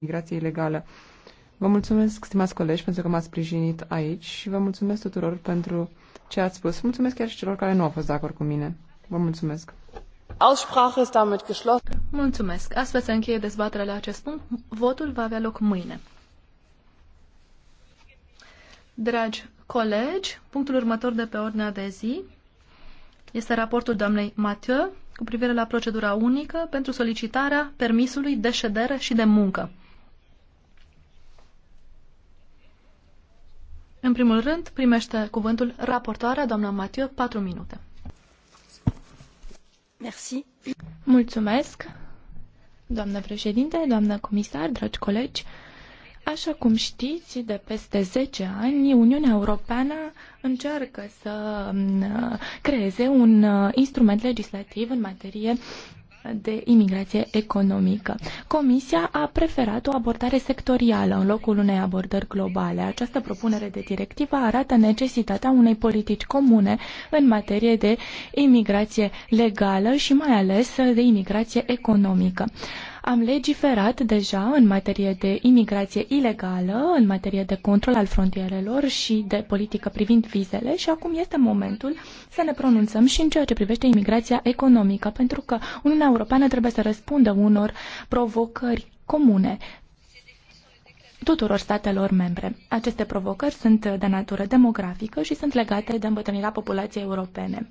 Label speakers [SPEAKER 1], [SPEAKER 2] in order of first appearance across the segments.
[SPEAKER 1] migrație ilegală. Vă mulțumesc, stimați colegi, pentru că m-ați sprijinit aici și vă mulțumesc tuturor pentru ce ați spus. Mulțumesc chiar și celor care nu au fost de acord cu mine. Vă mulțumesc.
[SPEAKER 2] Aussprache ist damit geschlossen. Mulțumesc. Astfel se încheie dezbaterea la acest punct. Votul va avea loc mâine. Dragi colegi, punctul următor de pe ordinea de zi este raportul doamnei Mathieu cu privire la procedura unică pentru solicitarea permisului de ședere și de muncă. În primul rând, primește cuvântul raportoarea, doamna Matiu, patru minute.
[SPEAKER 3] Merci. Mulțumesc, doamnă președinte, doamnă comisar, dragi colegi. Așa cum știți, de peste 10 ani, Uniunea Europeană încearcă să uh, creeze un uh, instrument legislativ în materie de imigrație economică. Comisia a preferat o abordare sectorială în locul unei abordări globale. Această propunere de directivă arată necesitatea unei politici comune în materie de imigrație legală și mai ales de imigrație economică. Am legiferat deja în materie de imigrație ilegală, în materie de control al frontierelor și de politică privind vizele și acum este momentul să ne pronunțăm și în ceea ce privește imigrația economică, pentru că Uniunea Europeană trebuie să răspundă unor provocări comune tuturor statelor membre. Aceste provocări sunt de natură demografică și sunt legate de îmbătrânirea populației europene.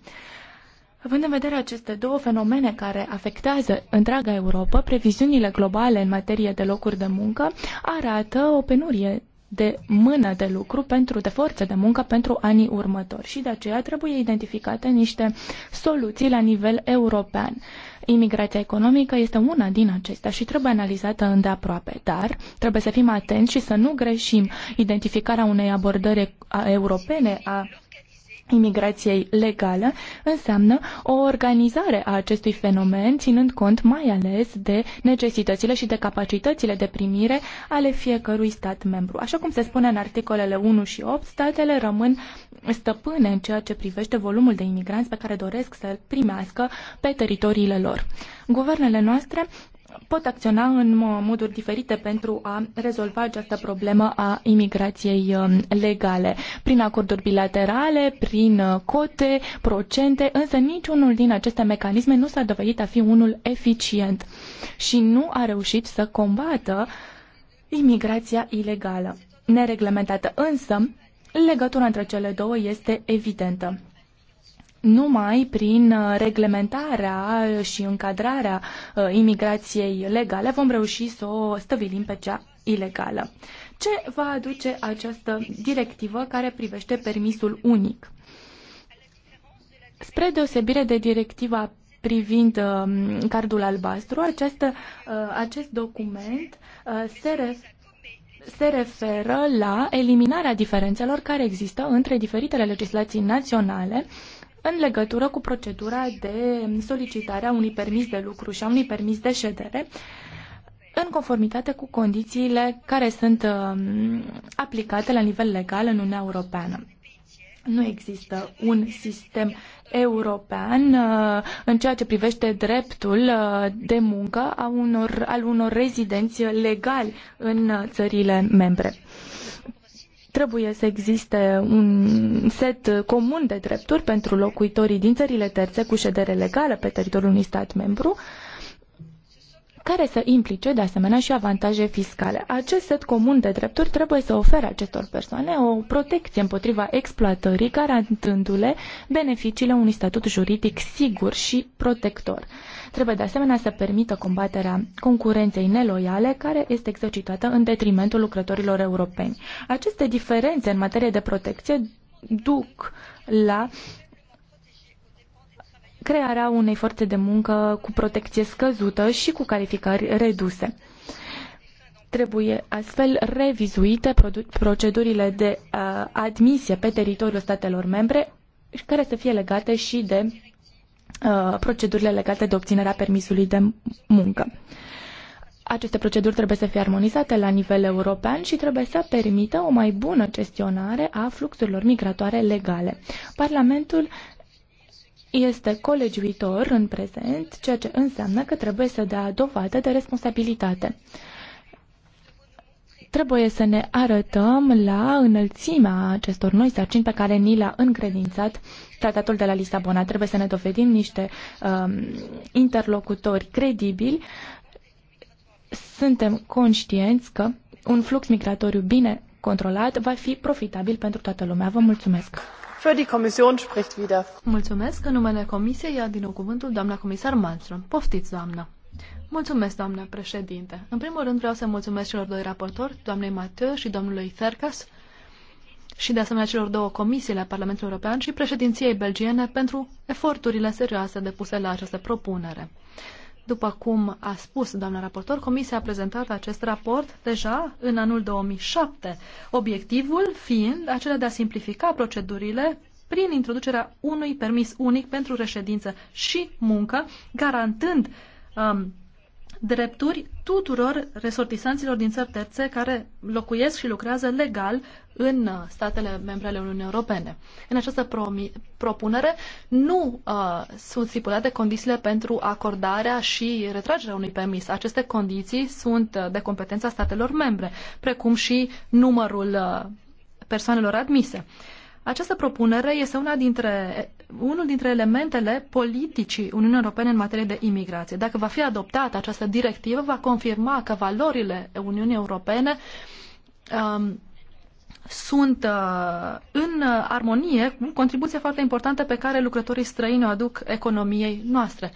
[SPEAKER 3] Având în vedere aceste două fenomene care afectează întreaga Europa, previziunile globale în materie de locuri de muncă arată o penurie de mână de lucru pentru, de forță de muncă pentru anii următori și de aceea trebuie identificate niște soluții la nivel european. Imigrația economică este una din acestea și trebuie analizată îndeaproape, dar trebuie să fim atenți și să nu greșim. Identificarea unei abordări europene a imigrației legale înseamnă o organizare a acestui fenomen, ținând cont mai ales de necesitățile și de capacitățile de primire ale fiecărui stat membru. Așa cum se spune în articolele 1 și 8, statele rămân stăpâne în ceea ce privește volumul de imigranți pe care doresc să-l primească pe teritoriile lor. Guvernele noastre pot acționa în moduri diferite pentru a rezolva această problemă a imigrației um, legale, prin acorduri bilaterale, prin uh, cote, procente, însă niciunul din aceste mecanisme nu s-a dovedit a fi unul eficient și nu a reușit să combată imigrația ilegală, nereglementată. Însă, legătura între cele două este evidentă numai prin uh, reglementarea și încadrarea uh, imigrației legale vom reuși să o stăvilim pe cea ilegală. Ce va aduce această directivă care privește permisul unic? Spre deosebire de directiva privind um, cardul albastru, această, uh, acest document se referă se referă la eliminarea diferențelor care există între diferitele legislații naționale uh, în legătură cu procedura de solicitare a unui permis de lucru și a unui permis de ședere în conformitate cu condițiile care sunt um, aplicate la nivel legal în Uniunea Europeană. Nu există un sistem european uh, în ceea ce privește dreptul uh, de muncă a unor, al unor rezidenți legali în uh, țările membre. Trebuie să existe un set comun de drepturi pentru locuitorii din țările terțe cu ședere legală pe teritoriul unui stat membru, care să implice de asemenea și avantaje fiscale. Acest set comun de drepturi trebuie să ofere acestor persoane o protecție împotriva exploatării, garantându-le beneficiile unui statut juridic sigur și protector. Trebuie de asemenea să permită combaterea concurenței neloiale care este exercitată în detrimentul lucrătorilor europeni. Aceste diferențe în materie de protecție duc la crearea unei forțe de muncă cu protecție scăzută și cu calificări reduse. Trebuie astfel revizuite procedurile de uh, admisie pe teritoriul statelor membre care să fie legate și de Uh, procedurile legate de obținerea permisului de muncă. Aceste proceduri trebuie să fie armonizate la nivel european și trebuie să permită o mai bună gestionare a fluxurilor migratoare legale. Parlamentul este colegiuitor în prezent, ceea ce înseamnă că trebuie să dea dovadă de responsabilitate. Trebuie să ne arătăm la înălțimea acestor noi sarcini pe care ni le-a încredințat tratatul de la Lisabona. Trebuie să ne dovedim niște um, interlocutori credibili. Suntem conștienți că un flux migratoriu bine controlat va fi profitabil pentru toată lumea. Vă mulțumesc!
[SPEAKER 2] Für die Kommission spricht wieder. Mulțumesc. În numele Comisiei ia din nou cuvântul doamna comisar Malmström. Poftiți, doamna! Mulțumesc, doamnă președinte. În primul rând vreau să mulțumesc celor doi raportori, doamnei Mateu și domnului Fercas, și de asemenea celor două comisii la Parlamentul European și președinției belgiene pentru eforturile serioase depuse la această propunere. După cum a spus doamna raportor, Comisia a prezentat acest raport deja în anul 2007, obiectivul fiind acela de a simplifica procedurile prin introducerea unui permis unic pentru reședință și muncă, garantând um, drepturi tuturor resortisanților din țări terțe care locuiesc și lucrează legal în uh, statele membre ale Uniunii Europene. În această propunere nu uh, sunt stipulate condițiile pentru acordarea și retragerea unui permis. Aceste condiții sunt uh, de competența statelor membre, precum și numărul uh, persoanelor admise. Uh, această propunere este una dintre, unul dintre elementele politicii Uniunii Europene în materie de imigrație. Dacă va fi adoptată această directivă, va confirma că valorile Uniunii Europene um, sunt uh, în armonie cu contribuția foarte importantă pe care lucrătorii străini o aduc economiei noastre.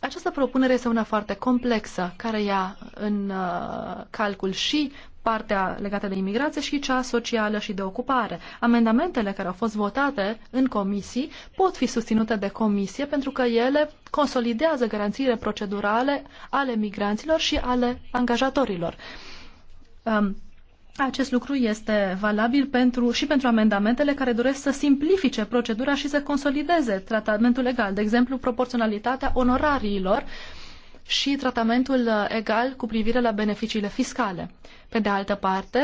[SPEAKER 2] Această propunere este una foarte complexă, care ia în uh, calcul și partea legată de imigrație și cea socială și de ocupare. Amendamentele care au fost votate în comisii pot fi susținute de comisie pentru că ele consolidează garanțiile procedurale ale migranților și ale angajatorilor. Um, acest lucru este valabil pentru, și pentru amendamentele care doresc să simplifice procedura și să consolideze tratamentul legal, de exemplu proporționalitatea onorariilor și tratamentul egal cu privire la beneficiile fiscale. Pe de altă parte,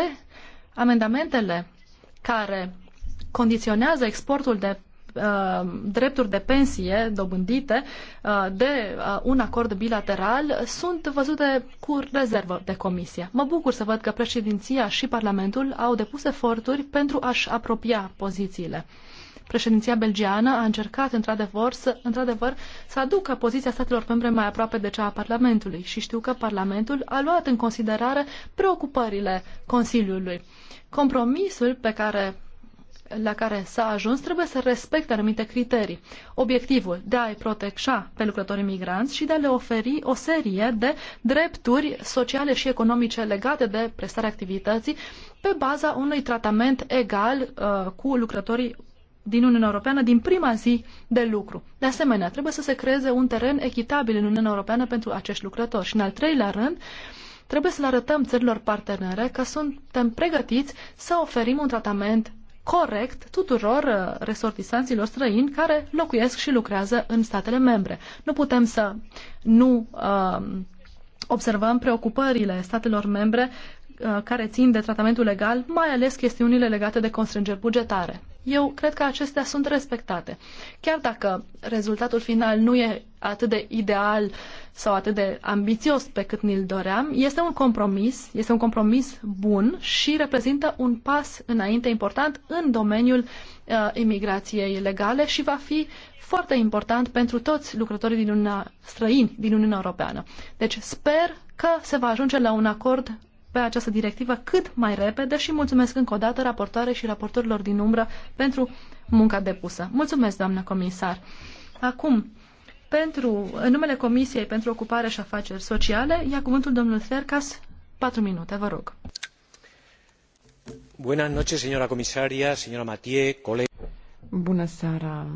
[SPEAKER 2] amendamentele care condiționează exportul de Uh, drepturi de pensie dobândite uh, de uh, un acord bilateral sunt văzute cu rezervă de comisie. Mă bucur să văd că președinția și Parlamentul au depus eforturi pentru a-și apropia pozițiile. Președinția belgiană a încercat într-adevăr să, într-adevăr să aducă poziția statelor membre mai aproape de cea a Parlamentului și știu că Parlamentul a luat în considerare preocupările Consiliului. Compromisul pe care la care s-a ajuns trebuie să respecte anumite criterii. Obiectivul de a-i proteja pe lucrătorii migranți și de a le oferi o serie de drepturi sociale și economice legate de prestarea activității pe baza unui tratament egal uh, cu lucrătorii din Uniunea Europeană din prima zi de lucru. De asemenea, trebuie să se creeze un teren echitabil în Uniunea Europeană pentru acești lucrători. Și în al treilea rând, trebuie să le arătăm țărilor partenere că suntem pregătiți să oferim un tratament corect tuturor uh, resortisanților străini care locuiesc și lucrează în statele membre. Nu putem să nu um, observăm preocupările statelor membre uh, care țin de tratamentul legal, mai ales chestiunile legate de constrângeri bugetare eu cred că acestea sunt respectate. Chiar dacă rezultatul final nu e atât de ideal sau atât de ambițios pe cât ni-l doream, este un compromis, este un compromis bun și reprezintă un pas înainte important în domeniul uh, imigrației legale și va fi foarte important pentru toți lucrătorii din Uniunea, străini din Uniunea Europeană. Deci sper că se va ajunge la un acord pe această directivă cât mai repede și mulțumesc încă o dată raportoare și raportorilor din umbră pentru munca depusă. Mulțumesc, doamnă comisar. Acum, pentru, în numele Comisiei pentru Ocupare și Afaceri Sociale, ia cuvântul domnul Fercas, Patru minute, vă rog.
[SPEAKER 1] Buenas noches, señora comisaria,
[SPEAKER 2] señora Matie, coleg.
[SPEAKER 1] Bună seara,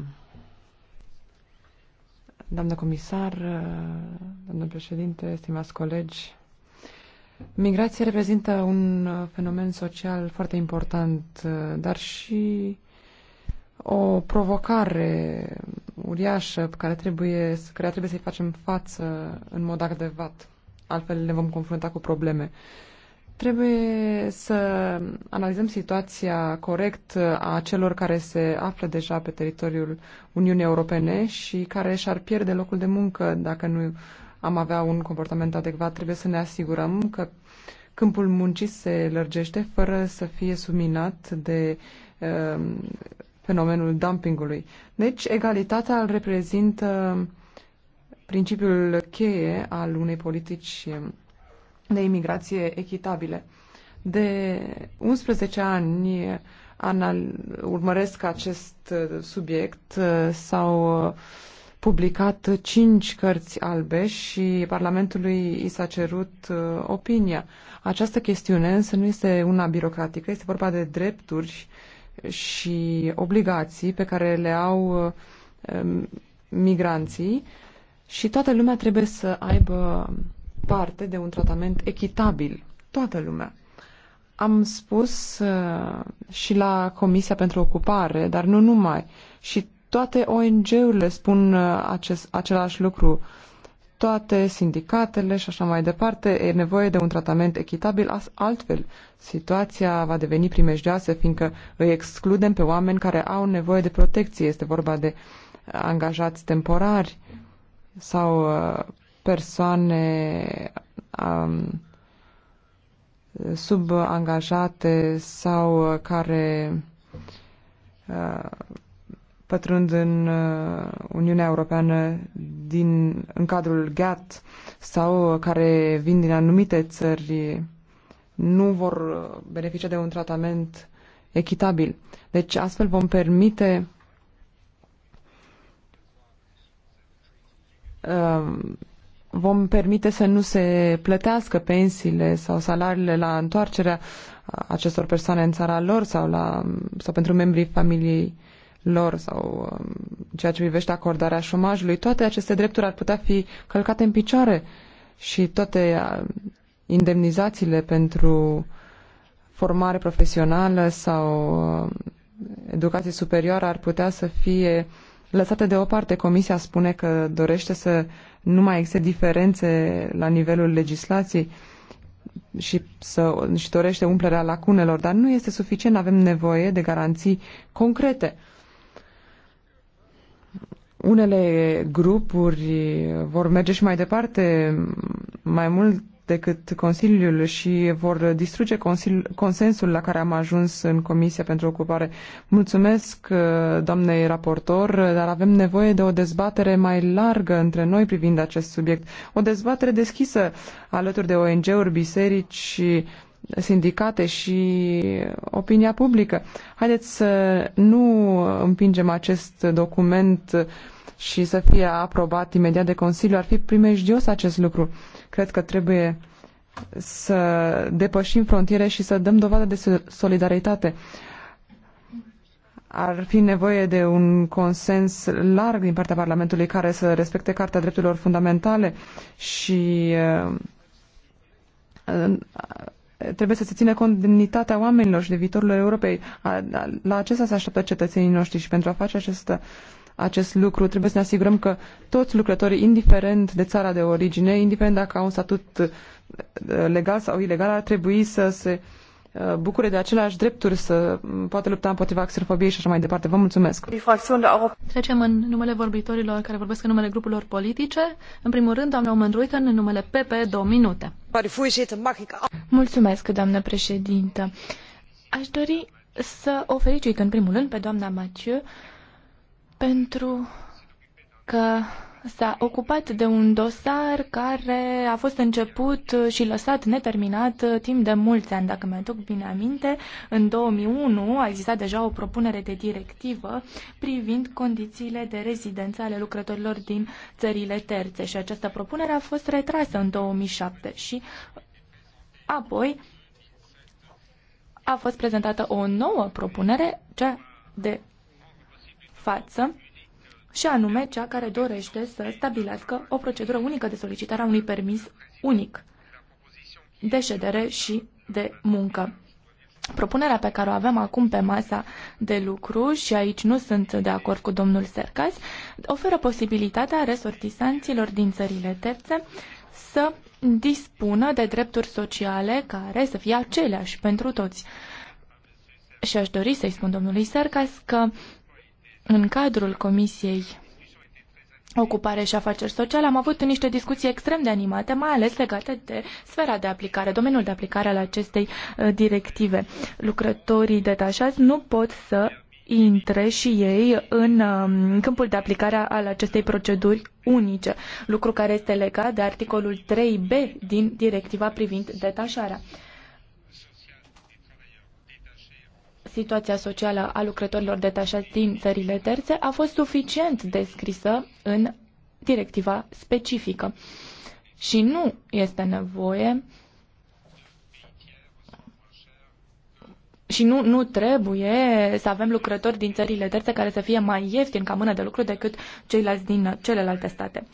[SPEAKER 1] doamnă comisar, domnul președinte, stimați colegi, Migrația reprezintă un uh, fenomen social foarte important, uh, dar și o provocare uriașă pe care trebuie, care trebuie să-i facem față în mod adecvat. Altfel ne vom confrunta cu probleme. Trebuie să analizăm situația corect uh, a celor care se află deja pe teritoriul Uniunii Europene și care și-ar pierde locul de muncă dacă nu am avea un comportament adecvat, trebuie să ne asigurăm că câmpul muncii se lărgește fără să fie subminat de uh, fenomenul dumpingului. Deci, egalitatea îl reprezintă principiul cheie al unei politici de imigrație echitabile. De 11 ani anal- urmăresc acest eh, subiect eh, sau uh, publicat cinci cărți albe și Parlamentului i s-a cerut uh, opinia. Această chestiune însă nu este una birocratică, este vorba de drepturi și obligații pe care le au uh, um, migranții și toată lumea trebuie să aibă parte de un tratament echitabil. Toată lumea. Am spus uh, și la Comisia pentru Ocupare, dar nu numai, și toate ONG-urile spun uh, acest, același lucru, toate sindicatele și așa mai departe. E nevoie de un tratament echitabil, altfel situația va deveni primejdioasă, fiindcă îi excludem pe oameni care au nevoie de protecție. Este vorba de angajați temporari sau uh, persoane um, subangajate sau uh, care uh, pătrund în uh, Uniunea Europeană din, în cadrul GATT sau uh, care vin din anumite țări nu vor uh, beneficia de un tratament echitabil. Deci astfel vom permite vom permite să nu se plătească pensiile sau salariile la întoarcerea acestor persoane în țara lor sau, la, sau pentru membrii familiei lor sau um, ceea ce privește acordarea șomajului, toate aceste drepturi ar putea fi călcate în picioare și toate uh, indemnizațiile pentru formare profesională sau uh, educație superioară ar putea să fie lăsate deoparte. Comisia spune că dorește să nu mai existe diferențe la nivelul legislației și, să, și dorește umplerea lacunelor, dar nu este suficient, avem nevoie de garanții concrete. Unele grupuri vor merge și mai departe, mai mult decât Consiliul și vor distruge consil- consensul la care am ajuns în Comisia pentru Ocupare. Mulțumesc, uh, doamnei raportor, dar avem nevoie de o dezbatere mai largă între noi privind acest subiect. O dezbatere deschisă alături de ONG-uri, biserici și sindicate și opinia publică. Haideți să nu împingem acest document și să fie aprobat imediat de Consiliu. Ar fi primejdios acest lucru. Cred că trebuie să depășim frontiere și să dăm dovadă de solidaritate. Ar fi nevoie de un consens larg din partea Parlamentului care să respecte Carta Drepturilor Fundamentale și uh, trebuie să se țină cont demnitatea oamenilor și de viitorul Europei. La acesta se așteaptă cetățenii noștri și pentru a face acest, acest lucru trebuie să ne asigurăm că toți lucrătorii, indiferent de țara de origine, indiferent dacă au un statut uh, legal sau ilegal, ar trebui să se uh, Uh, bucure de aceleași drepturi, să mm, poată lupta împotriva xenofobiei și așa mai departe. Vă mulțumesc!
[SPEAKER 2] Trecem în numele vorbitorilor care vorbesc în numele grupurilor politice. În primul rând, doamna Omenruiten, în numele PP, două minute. Mulțumesc, doamnă președintă! Aș dori să o
[SPEAKER 3] felicit în primul rând pe doamna Mathieu pentru că s-a ocupat de un dosar care a fost început și lăsat neterminat timp de mulți ani, dacă mi-aduc bine aminte. În 2001 a existat deja o propunere de directivă privind condițiile de rezidență ale lucrătorilor din țările terțe și această propunere a fost retrasă în 2007 și apoi a fost prezentată o nouă propunere, cea de față, și anume cea care dorește să stabilească o procedură unică de solicitare a unui permis unic de ședere și de muncă. Propunerea pe care o avem acum pe masa de lucru, și aici nu sunt de acord cu domnul Sercas, oferă posibilitatea resortisanților din țările terțe să dispună de drepturi sociale care să fie aceleași pentru toți. Și aș dori să-i spun domnului Sercas că în cadrul Comisiei Ocupare și Afaceri Sociale am avut niște discuții extrem de animate, mai ales legate de sfera de aplicare, domeniul de aplicare al acestei uh, directive. Lucrătorii detașați nu pot să intre și ei în um, câmpul de aplicare al acestei proceduri unice, lucru care este legat de articolul 3b din directiva privind detașarea. situația socială a lucrătorilor detașați din țările terțe a fost suficient descrisă în directiva specifică. Și nu este nevoie și nu, nu trebuie să avem lucrători din țările terțe care să fie mai ieftini ca mână de lucru decât ceilalți din celelalte state.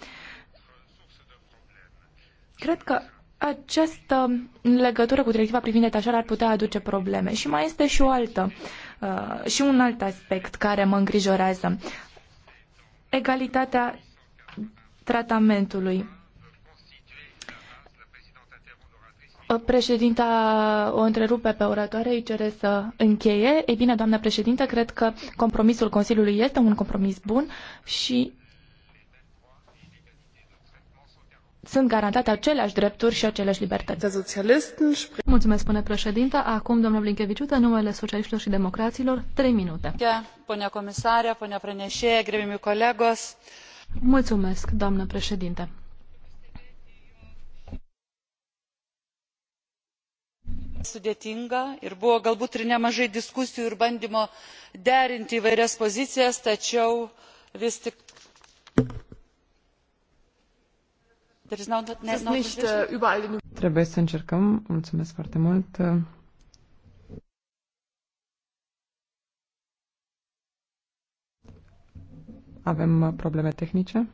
[SPEAKER 3] Cred că această legătură cu directiva privind detașarea ar putea aduce probleme. Și mai este și o altă, uh, și un alt aspect care mă îngrijorează. Egalitatea tratamentului. Uh, președinta o întrerupe pe oratoare, îi cere să încheie. Ei bine, doamnă președintă, cred că compromisul Consiliului este un compromis bun și
[SPEAKER 2] sunt garantate aceleași drepturi și aceleași libertăți. Mulțumesc, până președinte. Acum, domnul Blinkeviciu, în numele socialiștilor și democraților, trei minute. Până comisară, până preneșie, gremimi colegos. Mulțumesc, doamnă președinte. sudėtinga ir buvo galbūt ir nemažai diskusijų ir bandymo derinti įvairias pozicijas tačiau vis tik Äh,
[SPEAKER 1] Trebuie să încercăm. Mulțumesc foarte mult. Avem uh, probleme tehnice.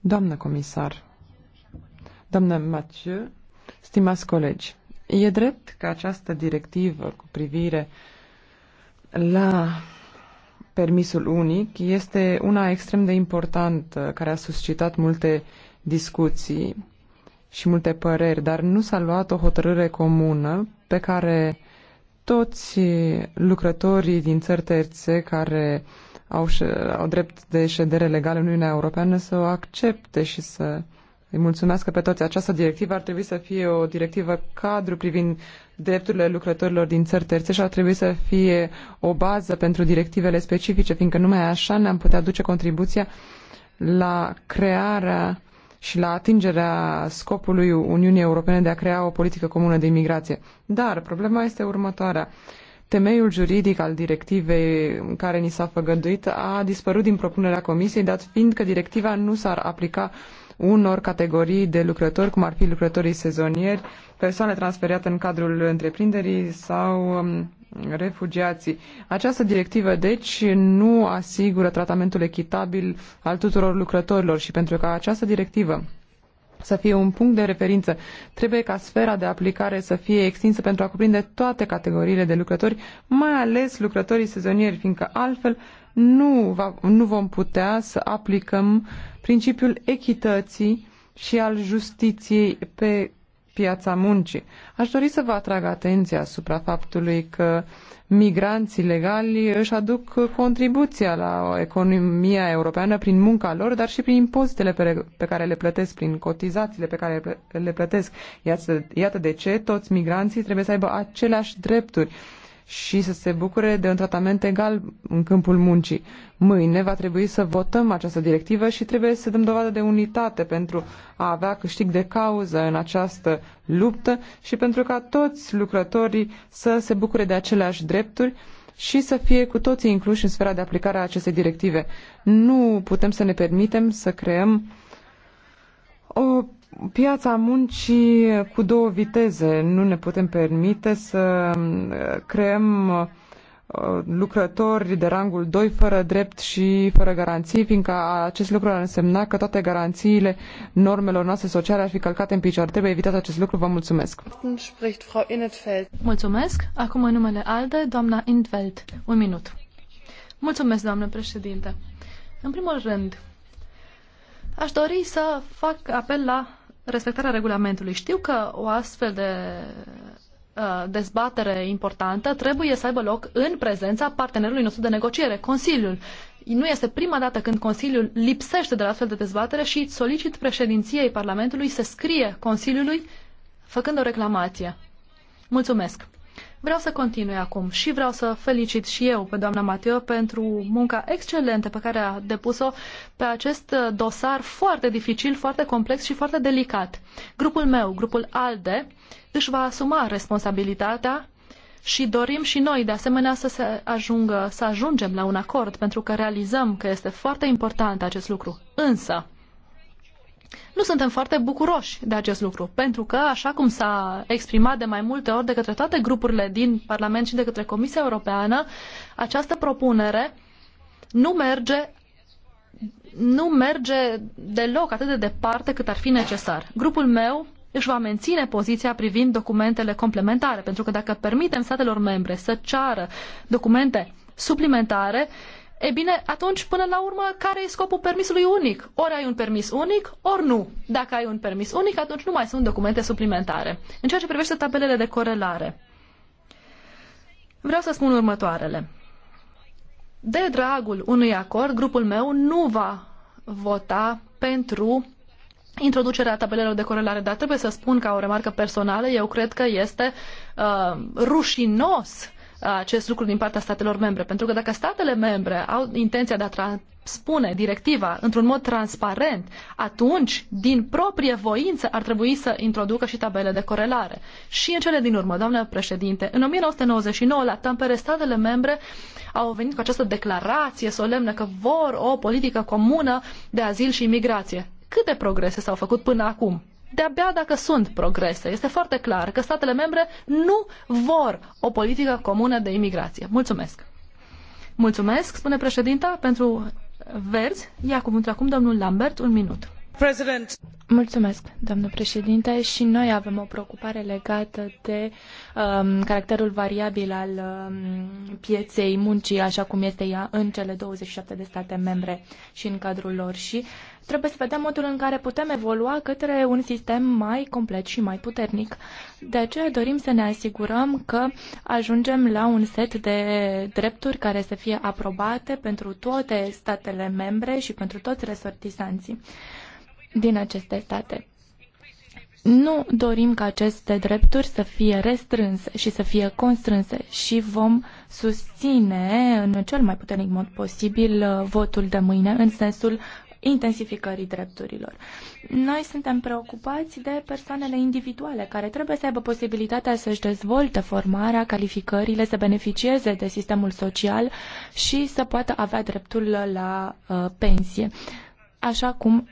[SPEAKER 1] Doamnă comisar, doamnă Mathieu, stimați colegi, e drept că această directivă cu privire uh, la permisul unic este una extrem de importantă care a suscitat multe discuții și multe păreri, dar nu s-a luat o hotărâre comună pe care toți lucrătorii din țări terțe care au, au drept de ședere legală în Uniunea Europeană să o accepte și să îi mulțumesc că pe toți. Această directivă ar trebui să fie o directivă cadru privind drepturile lucrătorilor din țări terțe și ar trebui să fie o bază pentru directivele specifice, fiindcă numai așa ne-am putea duce contribuția la crearea și la atingerea scopului Uniunii Europene de a crea o politică comună de imigrație. Dar problema este următoarea. Temeiul juridic al directivei care ni s-a făgăduit a dispărut din propunerea Comisiei, dat fiind că directiva nu s-ar aplica uh, unor categorii de lucrători, cum ar fi lucrătorii sezonieri, persoane transferate în cadrul întreprinderii sau um, refugiații. Această directivă, deci, nu asigură tratamentul echitabil al tuturor lucrătorilor și pentru că această directivă să fie un punct de referință. Trebuie ca sfera de aplicare să fie extinsă pentru a cuprinde toate categoriile de lucrători, mai ales lucrătorii sezonieri, fiindcă altfel nu, va, nu vom putea să aplicăm principiul echității și al justiției pe piața muncii. Aș dori să vă atrag atenția asupra faptului că migranții legali își aduc contribuția la economia europeană prin munca lor, dar și prin impozitele pe, care le plătesc, prin cotizațiile pe care le plătesc. iată de ce toți migranții trebuie să aibă aceleași drepturi și să se bucure de un tratament egal în câmpul muncii. Mâine va trebui să votăm această directivă și trebuie să dăm dovadă de unitate pentru a avea câștig de cauză în această luptă și pentru ca toți lucrătorii să se bucure de aceleași drepturi și să fie cu toții incluși în sfera de aplicare a acestei directive. Nu putem să ne permitem să creăm o piața muncii cu două viteze. Nu ne putem permite să uh, creăm uh, lucrători de rangul 2 fără drept și fără garanții, fiindcă acest lucru ar însemna că toate garanțiile normelor noastre sociale ar fi călcate în picioare. Trebuie evitat acest lucru. Vă mulțumesc.
[SPEAKER 2] Mulțumesc. Acum în numele ALDE, doamna Intveld. Un minut. Mulțumesc, doamnă președinte. În primul rând, aș dori să fac apel la respectarea regulamentului. Știu că o astfel de uh, dezbatere importantă trebuie să aibă loc în prezența partenerului nostru de negociere, Consiliul. Nu este prima dată când Consiliul lipsește de la astfel de dezbatere și solicit președinției Parlamentului să scrie Consiliului făcând o reclamație. Mulțumesc! Vreau să continui acum și vreau să felicit și eu pe doamna Mateo pentru munca excelentă pe care a depus-o pe acest uh, dosar foarte dificil, foarte complex și foarte delicat. Grupul meu, grupul ALDE, își va asuma responsabilitatea și dorim și noi, de asemenea, să, se ajungă, să ajungem la un acord, pentru că realizăm că este foarte important acest lucru. Însă, nu suntem foarte bucuroși de acest lucru, pentru că, așa cum s-a exprimat de mai multe ori de către toate grupurile din Parlament și de către Comisia Europeană, această propunere nu merge nu merge deloc atât de departe cât ar fi necesar. Grupul meu își va menține poziția privind documentele complementare, pentru că dacă permitem statelor membre să ceară documente suplimentare, E bine, atunci, până la urmă, care e scopul permisului unic? Ori ai un permis unic, ori nu. Dacă ai un permis unic, atunci nu mai sunt documente suplimentare. În ceea ce privește tabelele de corelare, vreau să spun următoarele. De dragul unui acord, grupul meu nu va vota pentru introducerea tabelelor de corelare, dar trebuie să spun ca o remarcă personală, eu cred că este uh, rușinos acest lucru din partea statelor membre. Pentru că dacă statele membre au intenția de a transpune directiva într-un mod transparent, atunci, din proprie voință, ar trebui să introducă și tabele de corelare. Și în cele din urmă, doamnă președinte, în 1999, la Tampere, statele membre au venit cu această declarație solemnă că vor o politică comună de azil și imigrație. Câte progrese s-au făcut până acum? de-abia dacă sunt progrese. Este foarte clar că statele membre nu vor o politică comună de imigrație. Mulțumesc! Mulțumesc, spune președinta, pentru verzi. Ia cuvântul acum domnul Lambert, un minut i Mulțumesc, președinte.
[SPEAKER 3] Și noi avem o preocupare legată de um, caracterul variabil al um, pieței muncii, așa cum este ea în cele 27 de state membre și în cadrul lor. Și trebuie să vedem modul în care putem evolua către un sistem mai complet și mai puternic. De aceea dorim să ne asigurăm că ajungem la un set de drepturi care să fie aprobate pentru toate statele membre și pentru toți resortisanții din aceste state. Nu dorim ca aceste drepturi să fie restrânse și să fie constrânse și vom susține în cel mai puternic mod posibil uh, votul de mâine în sensul intensificării drepturilor. Noi suntem preocupați de persoanele individuale care trebuie să aibă posibilitatea să-și dezvolte formarea, calificările, să beneficieze de sistemul social și să poată avea dreptul la uh, pensie, așa cum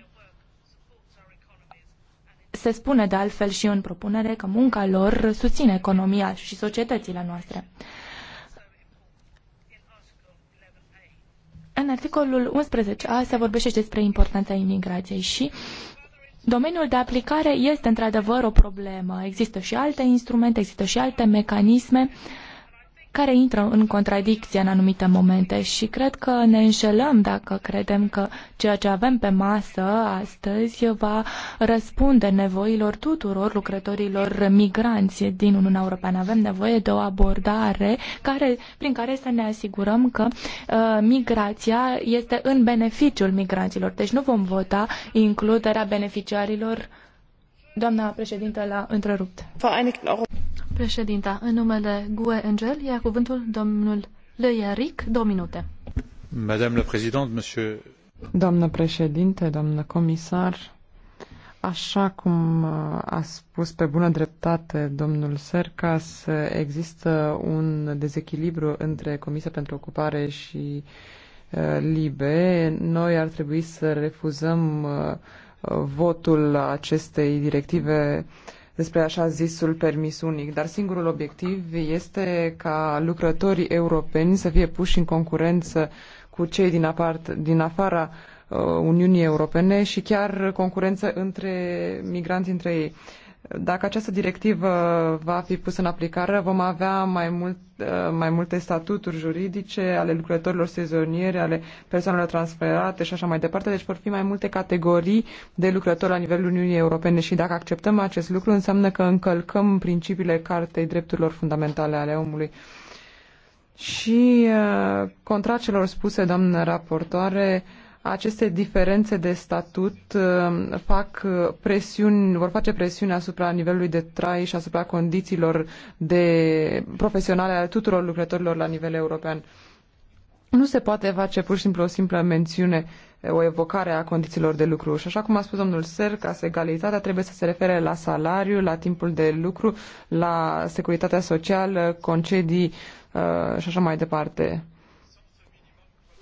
[SPEAKER 3] se spune de altfel și în propunere că munca lor susține economia și societățile noastre. În articolul 11a se vorbește despre importanța imigrației și Domeniul de aplicare este într-adevăr o problemă. Există și alte instrumente, există și alte mecanisme uh, care intră în contradicție în anumite momente și cred că ne înșelăm dacă credem că ceea ce avem pe masă astăzi va răspunde nevoilor tuturor lucrătorilor migranți din Uniunea Europeană. Avem nevoie de o abordare care, prin care să ne asigurăm că uh, migrația este în beneficiul migranților. Deci nu vom vota includerea beneficiarilor Doamna
[SPEAKER 2] președintă la întrerupt. Președinta, în numele GUE Angel, ia cuvântul domnul Leiaric, două minute.
[SPEAKER 1] Madame la Présidente, monsieur... Doamnă președinte, doamnă comisar, Așa cum uh, a spus pe bună dreptate domnul Sercas, există un dezechilibru între Comisia pentru Ocupare și uh, Libe. Noi ar trebui să refuzăm uh, votul acestei directive uh, despre așa zisul permis unic, dar singurul obiectiv este ca lucrătorii europeni să fie puși în concurență cu cei din, apart, din afara uh, Uniunii Europene și chiar concurență între migranți între ei. Dacă această directivă va fi pusă în aplicare, vom avea mai, mult, uh, mai multe statuturi juridice ale lucrătorilor sezonieri, ale persoanelor transferate și așa mai departe. Deci vor fi mai multe categorii de lucrători la nivelul Uniunii Europene și dacă acceptăm acest lucru, înseamnă că încălcăm principiile Cartei Drepturilor Fundamentale ale omului. Și uh, contra celor spuse, doamnă raportoare, uh, aceste diferențe de statut um, fac presiuni, vor face presiune asupra nivelului de trai și asupra condițiilor de profesionale ale tuturor lucrătorilor la nivel european. Nu se poate face pur și simplu o simplă mențiune, o evocare a condițiilor de lucru. Și așa cum a spus domnul Sercas, egalitatea trebuie să se refere la salariu, la timpul de lucru, la securitatea socială, concedii uh, și așa mai departe.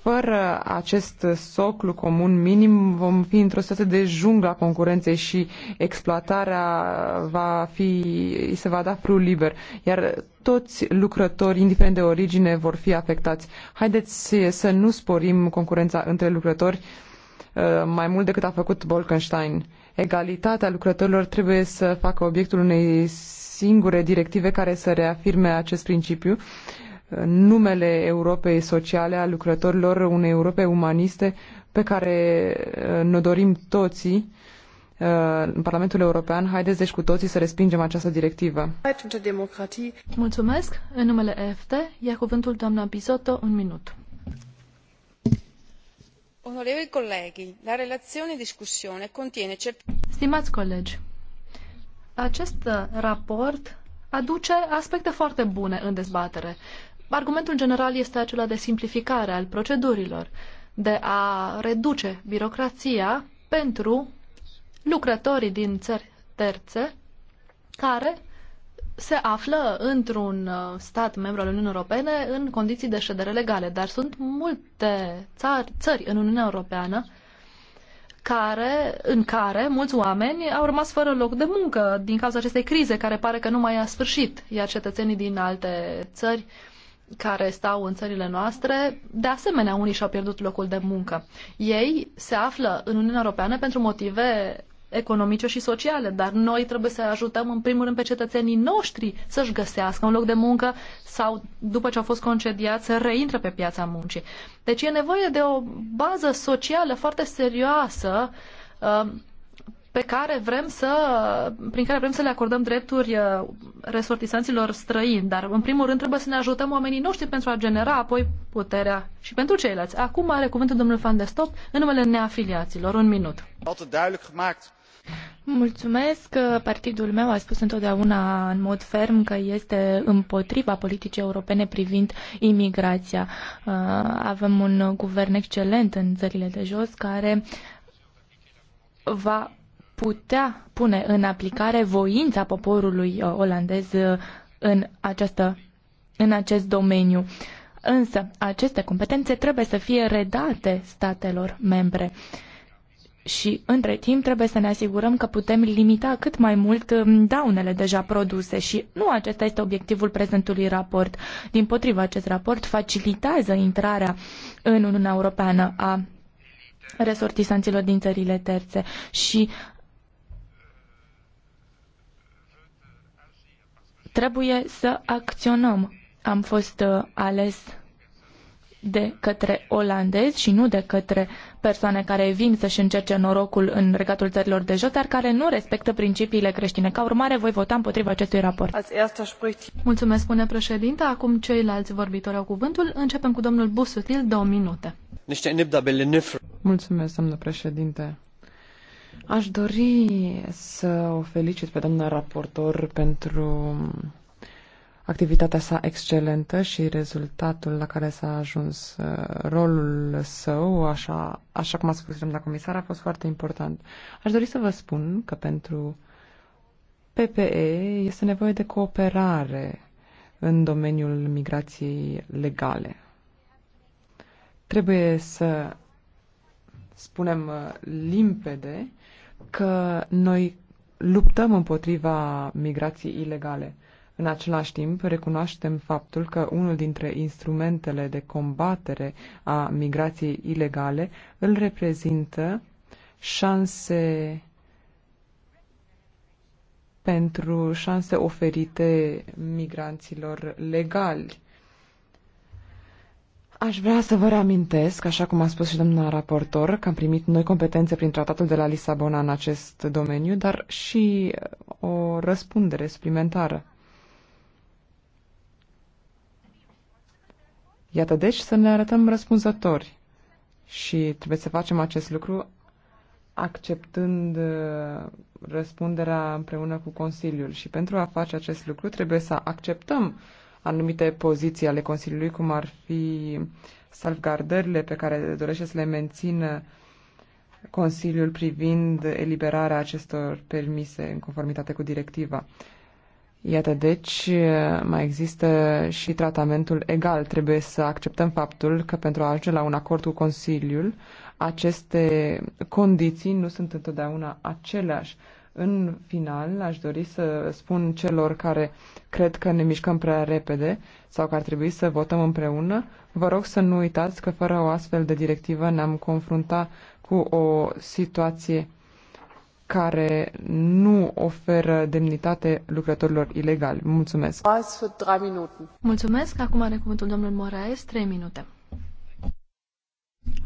[SPEAKER 1] Fără acest soclu comun minim vom fi într-o situație de jungla concurenței și exploatarea va fi, se va da frul liber, iar toți lucrătorii, indiferent de origine, vor fi afectați. Haideți să nu sporim concurența între lucrători uh, mai mult decât a făcut Bolkenstein. Egalitatea lucrătorilor trebuie să facă obiectul unei singure directive care să reafirme acest principiu numele Europei sociale a lucrătorilor, unei Europe umaniste pe care uh, ne dorim toții uh, în Parlamentul European. Haideți deci cu toții să respingem această directivă.
[SPEAKER 2] Mulțumesc. În numele EFT ia cuvântul doamna Bisotto un minut. Onorevoli
[SPEAKER 3] colegi, la relazione discussione contiene
[SPEAKER 2] Stimați colegi, acest raport aduce aspecte foarte bune în dezbatere. Argumentul general este acela de simplificare al procedurilor, de a reduce birocrația pentru lucrătorii din țări terțe care se află într-un uh, stat membru al Uniunii Europene în condiții de ședere legale, dar sunt multe țari, țări în Uniunea Europeană care, în care mulți oameni au rămas fără loc de muncă din cauza acestei crize care pare că nu mai a sfârșit, iar cetățenii din alte țări uh, care stau în țările noastre, de asemenea, unii și-au pierdut locul de muncă. Ei se află în Uniunea Europeană pentru motive economice și sociale, dar noi trebuie să ajutăm în primul rând pe cetățenii noștri să-și găsească un loc de muncă sau după ce au fost concediați să reintre pe piața muncii. Deci e nevoie de o bază socială foarte serioasă uh, pe care vrem să, prin care vrem să le acordăm drepturi uh, resortisanților străini. Dar, în primul rând, trebuie să ne ajutăm oamenii noștri pentru a genera apoi puterea și pentru ceilalți. Acum are cuvântul domnul Van de Stop în numele neafiliaților. Un minut. Mulțumesc.
[SPEAKER 3] Partidul meu a spus întotdeauna în mod ferm că este împotriva politicii europene privind imigrația. Uh, avem un guvern excelent în țările de jos care va putea pune în aplicare voința poporului uh, olandez uh, în, această, în acest domeniu. Însă, aceste competențe trebuie să fie redate statelor membre. Și, între timp, trebuie să ne asigurăm că putem limita cât mai mult um, daunele deja produse și nu acesta este obiectivul prezentului raport. Din potriva, acest raport facilitează intrarea în Uniunea Europeană a resortisanților din țările terțe și Trebuie să acționăm. Am fost uh, ales de către olandezi și nu de către persoane care vin să-și încerce norocul în regatul țărilor de jos, dar care nu respectă principiile creștine.
[SPEAKER 2] Ca urmare, voi vota împotriva acestui raport. Mulțumesc, spune președinte. Acum ceilalți vorbitori au cuvântul. Începem cu domnul Busutil, două minute.
[SPEAKER 1] Mulțumesc, domnule președinte. Aș dori să o felicit pe doamna raportor pentru activitatea sa excelentă și rezultatul la care s-a ajuns rolul său, așa, așa cum a spus doamna comisar, a fost foarte important. Aș dori să vă spun că pentru PPE este nevoie de cooperare în domeniul migrației legale. Trebuie să spunem uh, limpede că noi luptăm împotriva migrației ilegale. În același timp, recunoaștem faptul că unul dintre instrumentele de combatere a migrației ilegale îl reprezintă șanse pentru șanse oferite migranților legali Aș vrea să vă reamintesc, așa cum a spus și domnul raportor, că am primit noi competențe prin tratatul de la Lisabona în acest domeniu, dar și uh, o răspundere suplimentară. Iată deci să ne arătăm răspunzători și trebuie să facem acest lucru acceptând uh, răspunderea împreună cu Consiliul. Și pentru a face acest lucru trebuie să acceptăm anumite poziții ale Consiliului, cum ar fi salvgardările pe care dorește să le mențină Consiliul privind eliberarea acestor permise în conformitate cu directiva. Iată, deci, mai există și tratamentul egal. Trebuie să acceptăm faptul că pentru a ajunge la un acord cu Consiliul, aceste condiții nu sunt întotdeauna aceleași. În final, aș dori să spun celor care cred că ne mișcăm prea repede sau că ar trebui să votăm împreună, vă rog să nu uitați că fără o astfel de directivă ne-am confrunta cu o situație care nu oferă demnitate lucrătorilor ilegali. Mulțumesc.
[SPEAKER 2] Mulțumesc. Acum are cuvântul domnul Moraes, 3 minute.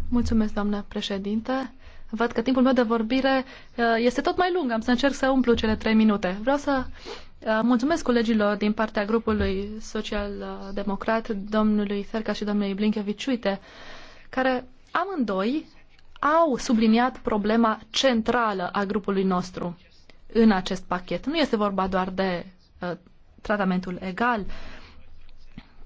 [SPEAKER 2] Mulțumesc, doamna președinte. Văd că timpul meu de vorbire uh, este tot mai lung. Am să încerc să umplu cele trei minute. Vreau să uh, mulțumesc colegilor din partea grupului social-democrat, uh, domnului Ferca și domnului uite, care amândoi au subliniat problema centrală a grupului nostru în acest pachet. Nu este vorba doar de tratamentul egal, uh,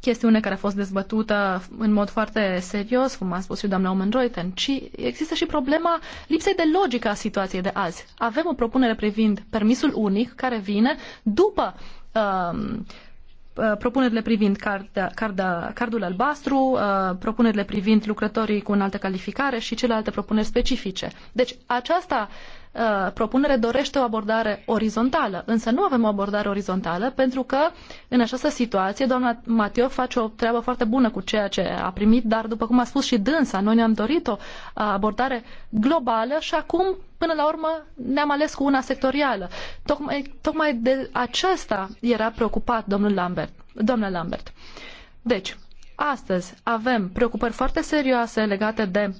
[SPEAKER 2] chestiune care a fost dezbătută în mod foarte serios, cum a spus și doamna Omen Reuten, ci există și problema lipsei de logică a situației de azi. Avem o propunere privind permisul unic care vine după um, uh, propunerile privind carda, carda, cardul albastru, uh, propunerile privind lucrătorii cu înaltă calificare și celelalte propuneri specifice. Deci aceasta Uh, propunere dorește o abordare orizontală, însă nu avem o abordare orizontală pentru că în această situație doamna Matio face o treabă foarte bună cu ceea ce a primit, dar după cum a spus și dânsa, noi ne-am dorit o abordare globală și acum până la urmă ne-am ales cu una sectorială. Tocmai, tocmai de aceasta era preocupat domnul Lambert, Domnul Lambert. Deci, astăzi avem preocupări foarte serioase legate de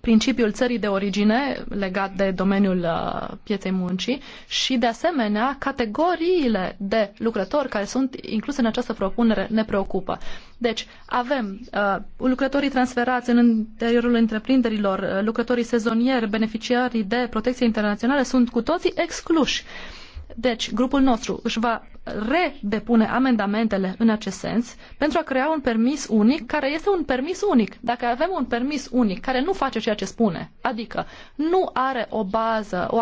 [SPEAKER 2] principiul țării de origine legat de domeniul uh, pieței muncii și, de asemenea, categoriile de lucrători care sunt incluse în această propunere ne preocupă. Deci, avem uh, lucrătorii transferați în interiorul întreprinderilor, uh, lucrătorii sezonieri, beneficiarii de protecție internațională, sunt cu toții excluși. Uh, deci, grupul nostru își va redepune amendamentele în acest sens pentru a crea un permis unic care este un permis unic. Dacă avem un permis unic care nu face ceea ce spune, adică nu are o bază, o,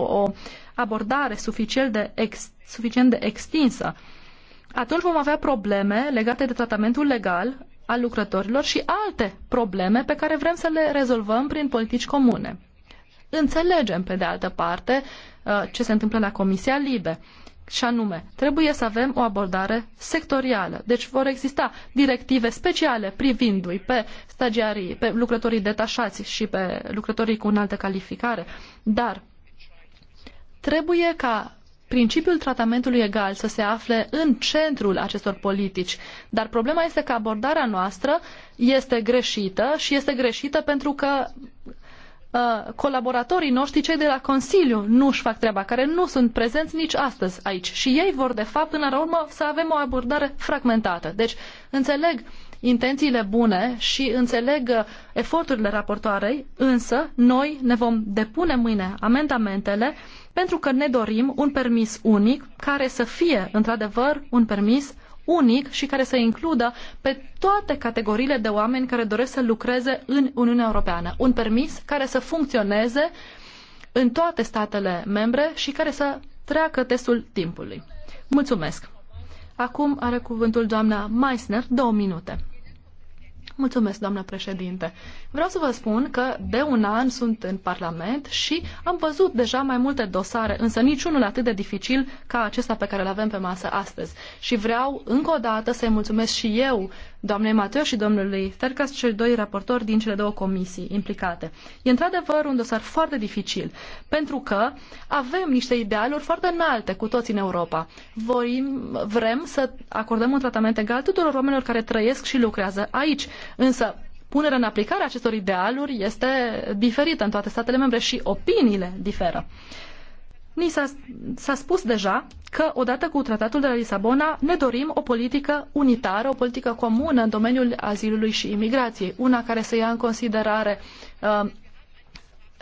[SPEAKER 2] o abordare suficient de, ex, suficient de extinsă, atunci vom avea probleme legate de tratamentul legal al lucrătorilor și alte probleme pe care vrem să le rezolvăm prin politici comune. Înțelegem, pe de altă parte, Uh, ce se întâmplă la Comisia Libe. Și anume, trebuie să avem o abordare sectorială. Deci vor exista directive speciale privindu-i pe stagiarii, pe lucrătorii detașați și pe lucrătorii cu înaltă calificare. Dar trebuie ca principiul tratamentului egal să se afle în centrul acestor politici. Dar problema este că abordarea noastră este greșită și este greșită pentru că Uh, colaboratorii noștri, cei de la Consiliu, nu își fac treaba, care nu sunt prezenți nici astăzi aici. Și ei vor, de fapt, până la urmă, să avem o abordare fragmentată. Deci, înțeleg intențiile bune și înțeleg uh, eforturile raportoarei, însă noi ne vom depune mâine amendamentele pentru că ne dorim un permis unic care să fie, într-adevăr, un permis unic și care să includă pe toate categoriile de oameni care doresc să lucreze în Uniunea Europeană. Un permis care să funcționeze în toate statele membre și care să treacă testul timpului. Mulțumesc! Acum are cuvântul doamna Meissner, două minute. Mulțumesc, doamnă președinte. Vreau să vă spun că de un an sunt în Parlament și am văzut deja mai multe dosare, însă niciunul atât de dificil ca acesta pe care îl avem pe masă astăzi. Și vreau încă o dată să-i mulțumesc și eu doamnei Mateo și domnului Stercas, cei doi raportori din cele două comisii implicate. E într-adevăr un dosar foarte dificil, pentru că avem niște idealuri foarte înalte cu toți în Europa. Vorim, vrem să acordăm un tratament egal tuturor oamenilor care trăiesc și lucrează aici, însă punerea în aplicare a acestor idealuri este diferită în toate statele membre și opiniile diferă. Ni s-a, spus deja că odată cu tratatul de la Lisabona ne dorim o politică unitară, o politică comună în domeniul azilului și imigrației, una care să ia în considerare uh,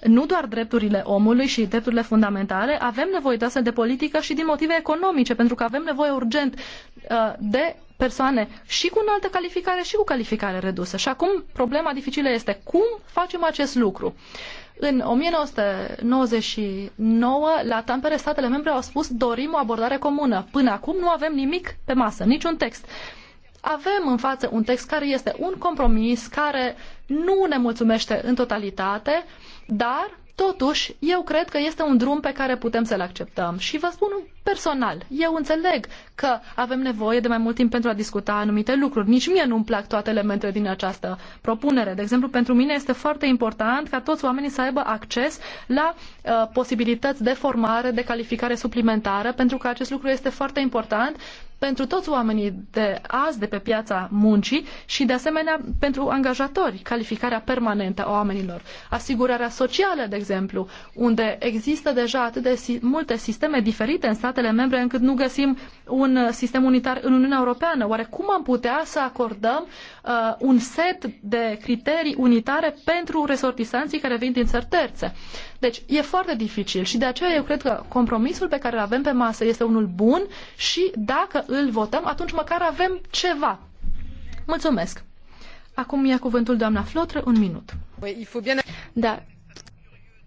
[SPEAKER 2] nu doar drepturile omului și drepturile fundamentale, avem nevoie de astfel de politică și din motive economice, pentru că avem nevoie urgent uh, de persoane și cu înaltă calificare și cu calificare redusă. Și acum problema dificilă este cum facem acest lucru. În 1999, la Tampere, statele membre au spus dorim o abordare comună. Până acum nu avem nimic pe masă, niciun text. Avem în față un text care este un compromis, care nu ne mulțumește în totalitate, dar Totuși, eu cred că este un drum pe care putem să-l acceptăm. Și vă spun personal, eu înțeleg că avem nevoie de mai mult timp pentru a discuta anumite lucruri. Nici mie nu-mi plac toate elementele din această propunere. De exemplu, pentru mine este foarte important ca toți oamenii să aibă acces la uh, posibilități de formare, de calificare suplimentară, pentru că acest lucru este foarte important pentru toți oamenii de azi de pe piața muncii și, de asemenea, pentru angajatori, calificarea permanentă a oamenilor. Asigurarea socială, de exemplu, unde există deja atât de si multe sisteme diferite în statele membre încât nu găsim un uh, sistem unitar în Uniunea Europeană. Oare cum am putea să acordăm uh, un set de criterii unitare pentru resortisanții care vin din țări terțe? Deci e foarte dificil și de aceea eu cred că compromisul pe care îl avem pe masă este unul bun și dacă îl votăm, atunci măcar avem ceva. Mulțumesc! Acum ia cuvântul doamna Flotră, un minut. Păi, da,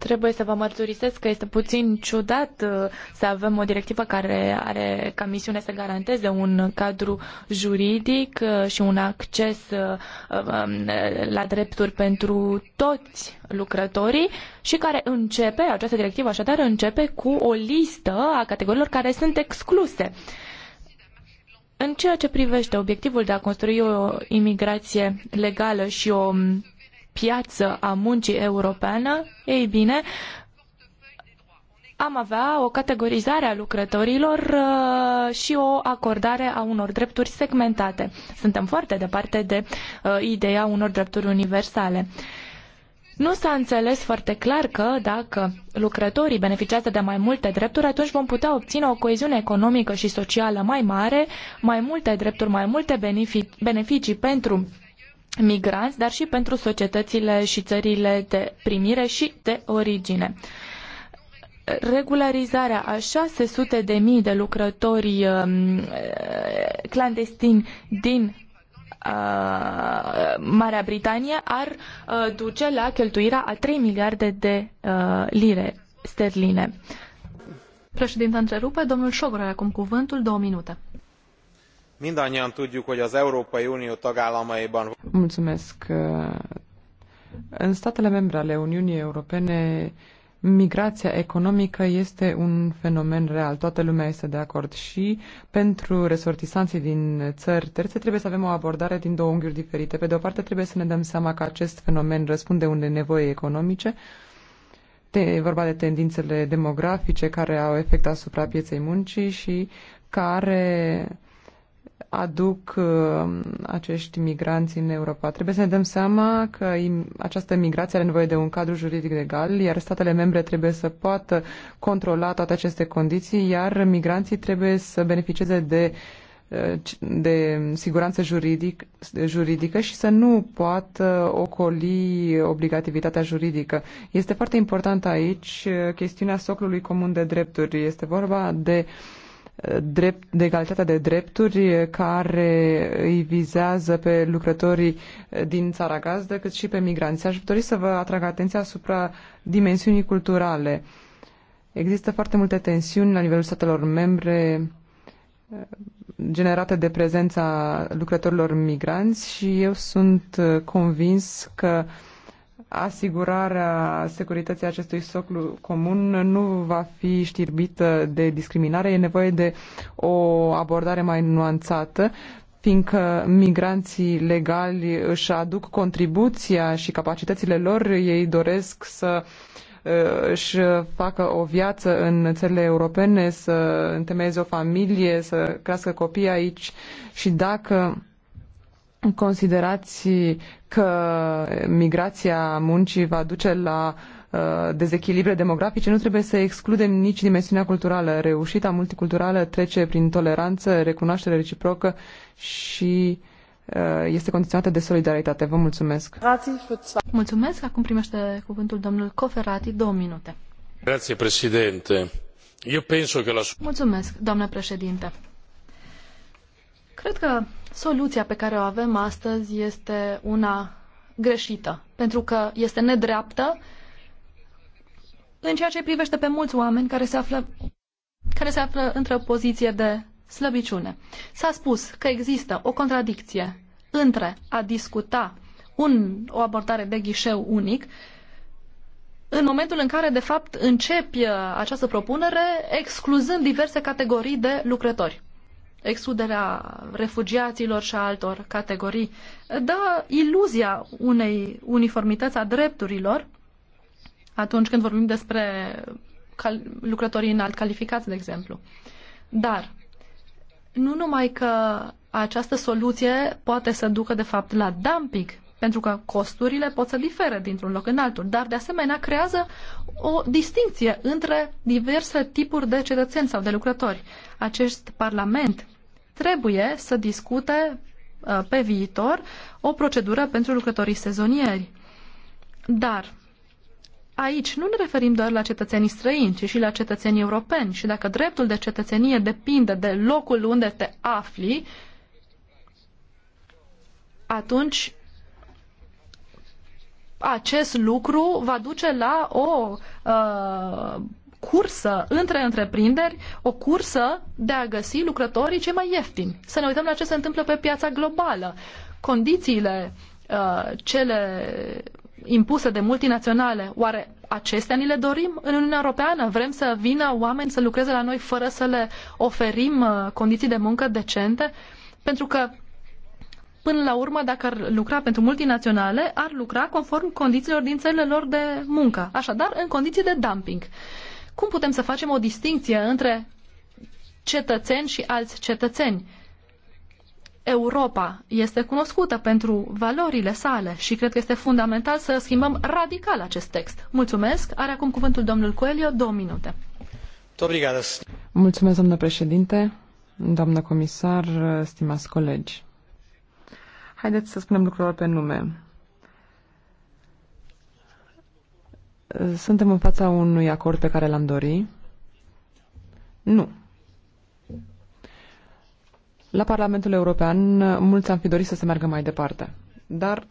[SPEAKER 3] Trebuie să vă mărturisesc că este puțin ciudat uh, să avem o directivă care are ca misiune să garanteze un cadru juridic uh, și un acces uh, um, la drepturi pentru toți lucrătorii și care începe, această directivă așadar începe cu o listă a categoriilor care sunt excluse. În ceea ce privește obiectivul de a construi o imigrație legală și o piață a muncii europeană, ei bine, am avea o categorizare a lucrătorilor uh, și o acordare a unor drepturi segmentate. Suntem foarte departe de uh, ideea unor drepturi universale. Nu s-a înțeles foarte clar că dacă lucrătorii beneficiază de mai multe drepturi, atunci vom putea obține o coeziune economică și socială mai mare, mai multe drepturi, mai multe beneficii pentru migranți, dar și pentru societățile și țările de primire și de origine. Regularizarea a 600 de mii de lucrători um, clandestini din uh, Marea Britanie ar uh, duce la cheltuirea a 3 miliarde
[SPEAKER 2] de uh, lire sterline. Președinte întrerupe, domnul
[SPEAKER 1] Șogor are acum cuvântul, două minute mindannyian tudjuk hogy az európai unió tagállamaiban. Mulțumesc. În statele membre ale Uniunii Europene, migrația economică este un fenomen real. Toată lumea este de acord și pentru resortisanții din țări terțe trebuie să avem o abordare din două unghiuri diferite. Pe de o parte trebuie să ne dăm seama că acest fenomen răspunde unei nevoi economice, e vorba de tendințele demografice care au efect asupra pieței muncii și care aduc uh, acești migranți în Europa. Trebuie să ne dăm seama că această migrație are nevoie de un cadru juridic legal, iar statele membre trebuie să poată controla toate aceste condiții, iar migranții trebuie să beneficieze de uh, de siguranță juridic, juridică și să nu poată ocoli obligativitatea juridică. Este foarte important aici uh, chestiunea soclului comun de drepturi. Este vorba de uh, drept, de egalitatea de drepturi care îi vizează pe lucrătorii din țara gazdă, cât și pe migranți. Aș dori să vă atrag atenția asupra dimensiunii culturale. Există foarte multe tensiuni la nivelul statelor membre generate de prezența lucrătorilor migranți și eu sunt convins că uh, asigurarea securității acestui soclu comun nu va fi știrbită de discriminare. E nevoie de o abordare mai nuanțată fiindcă migranții legali își aduc contribuția și capacitățile lor, ei doresc să uh, își facă o viață în țările europene, să întemeieze o familie, să crească copii aici și dacă considerați că migrația muncii va duce la uh, dezechilibre demografice, nu trebuie să excludem nici dimensiunea culturală. Reușita multiculturală trece prin toleranță, recunoaștere reciprocă și uh, este condiționată de solidaritate. Vă mulțumesc.
[SPEAKER 2] Mulțumesc. Acum primește cuvântul domnul Coferati, două minute. Grazie, președinte. Eu penso că la... Mulțumesc, doamnă președinte. Cred că soluția pe care o avem astăzi este una greșită, pentru că este nedreaptă în ceea ce privește pe mulți oameni care se află, care se află într-o poziție de slăbiciune. S-a spus că există o contradicție între a discuta un, o abordare de ghișeu unic, în momentul în care, de fapt, începi uh, această propunere excluzând diverse categorii de lucrători exuderea refugiaților și a altor categorii, dă iluzia unei uniformități a drepturilor atunci când vorbim despre lucrătorii înalt calificați, de exemplu. Dar nu numai că această soluție poate să ducă, de fapt, la dumping pentru că costurile pot să difere dintr-un loc în altul, dar de asemenea creează o distinție între diverse tipuri de cetățeni sau de lucrători. Acest Parlament trebuie să discute uh, pe viitor o procedură pentru lucrătorii sezonieri. Dar aici nu ne referim doar la cetățenii străini, ci și la cetățenii europeni. Și dacă dreptul de cetățenie depinde de locul unde te afli, atunci acest lucru va duce la o uh, cursă între întreprinderi, o cursă de a găsi lucrătorii cei mai ieftini. Să ne uităm la ce se întâmplă pe piața globală. Condițiile uh, cele impuse de multinaționale, oare acestea ni le dorim în Uniunea Europeană? Vrem să vină oameni să lucreze la noi fără să le oferim uh, condiții de muncă decente? Pentru că până la urmă, dacă ar lucra pentru multinaționale, ar lucra conform condițiilor din țările lor de muncă, așadar în condiții de dumping. Cum putem să facem o distinție între cetățeni și alți cetățeni? Europa este cunoscută pentru valorile sale și cred că este fundamental să schimbăm radical acest text. Mulțumesc. Are acum cuvântul domnul Coelho, două minute.
[SPEAKER 1] Mulțumesc, doamnă președinte, doamnă comisar, stimați colegi. Haideți să spunem lucrurile pe nume. Suntem în fața unui acord pe care l-am dorit? Nu. La Parlamentul European mulți am fi dorit să se meargă mai departe, dar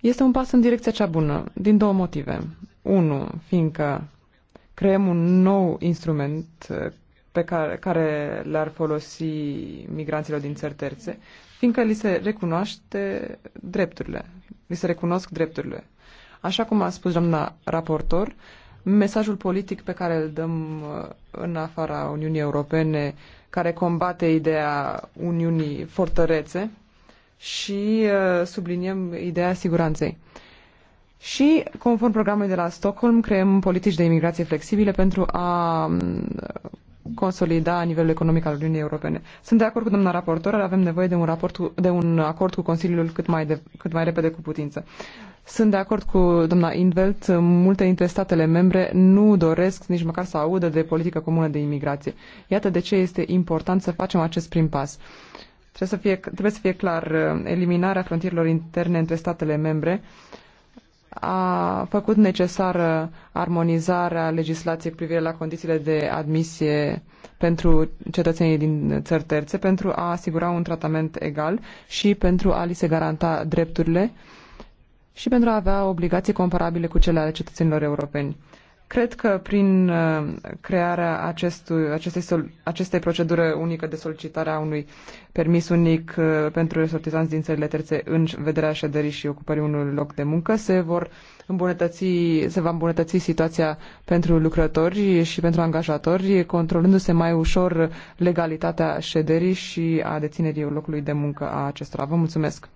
[SPEAKER 1] este un pas în direcția cea bună, din două motive. Unu, fiindcă creăm un nou instrument pe care, care le-ar folosi migranților din țări terțe, fiindcă li se recunoaște drepturile, li se recunosc drepturile. Așa cum a spus doamna raportor, mesajul politic pe care îl dăm uh, în afara Uniunii Europene, care combate ideea Uniunii fortărețe și uh, subliniem ideea siguranței. Și, conform programului de la Stockholm, creăm politici de imigrație flexibile pentru a mm, consolida nivelul economic al Uniunii Europene. Sunt de acord cu doamna raportor, avem nevoie de un, raport, de un acord cu Consiliul cât mai, de, cât mai repede cu putință. Sunt de acord cu doamna Invelt, multe dintre statele membre nu doresc nici măcar să audă de politică comună de imigrație. Iată de ce este important să facem acest prim pas. Trebuie să fie, trebuie să fie clar eliminarea frontierilor interne între statele membre uh, a făcut necesară armonizarea legislației privire la condițiile de admisie pentru cetățenii din țări terțe, pentru a asigura un tratament egal și pentru a li se garanta drepturile și pentru a avea obligații comparabile cu cele ale cetățenilor europeni. Cred că prin uh, crearea acestui, acestei, acestei procedură unică de solicitare a unui permis unic uh, pentru resortizanți din țările terțe în vederea șederii și ocupării unui loc de muncă se vor îmbunătăți, se va îmbunătăți situația pentru lucrători și pentru angajatori, controlându-se mai ușor legalitatea șederii și a deținerii locului de muncă a acestora. Vă mulțumesc!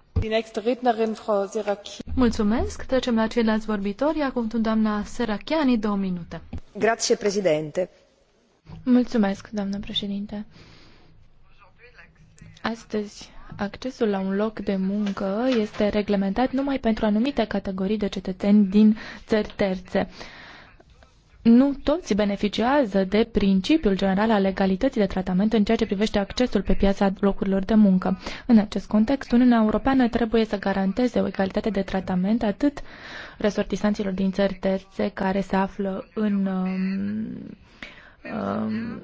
[SPEAKER 2] Mulțumesc. Trecem la ceilalți vorbitori. Acum doamna Serachiani, două minute.
[SPEAKER 3] Grazie, președinte.
[SPEAKER 2] Mulțumesc, doamnă
[SPEAKER 3] președinte. Astăzi, accesul la un loc de muncă este reglementat numai pentru anumite categorii de cetățeni din țări terțe nu toți beneficiază de principiul general al legalității de tratament în ceea ce privește accesul pe piața locurilor de muncă. În acest context, Uniunea Europeană trebuie să garanteze o egalitate de tratament atât resortisanților din țări terțe care se află în um, um,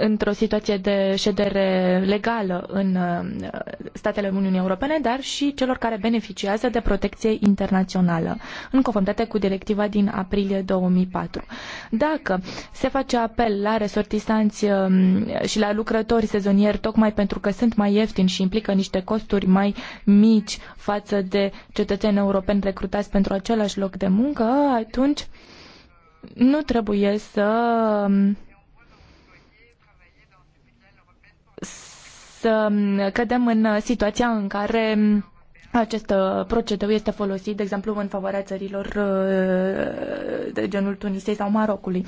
[SPEAKER 3] într-o situație de ședere legală în uh, statele Uniunii Europene, dar și celor care beneficiază de protecție internațională, în conformitate cu directiva din aprilie 2004. Dacă se face apel la resortisanți um, și la lucrători sezonieri tocmai pentru că sunt mai ieftini și implică niște costuri mai mici față de cetățeni europeni recrutați pentru același loc de muncă, atunci nu trebuie să um, să mm, cădem în situația în care mm, acest uh, procedeu este folosit, de exemplu, în favoarea țărilor uh, de genul Tunisei sau Marocului.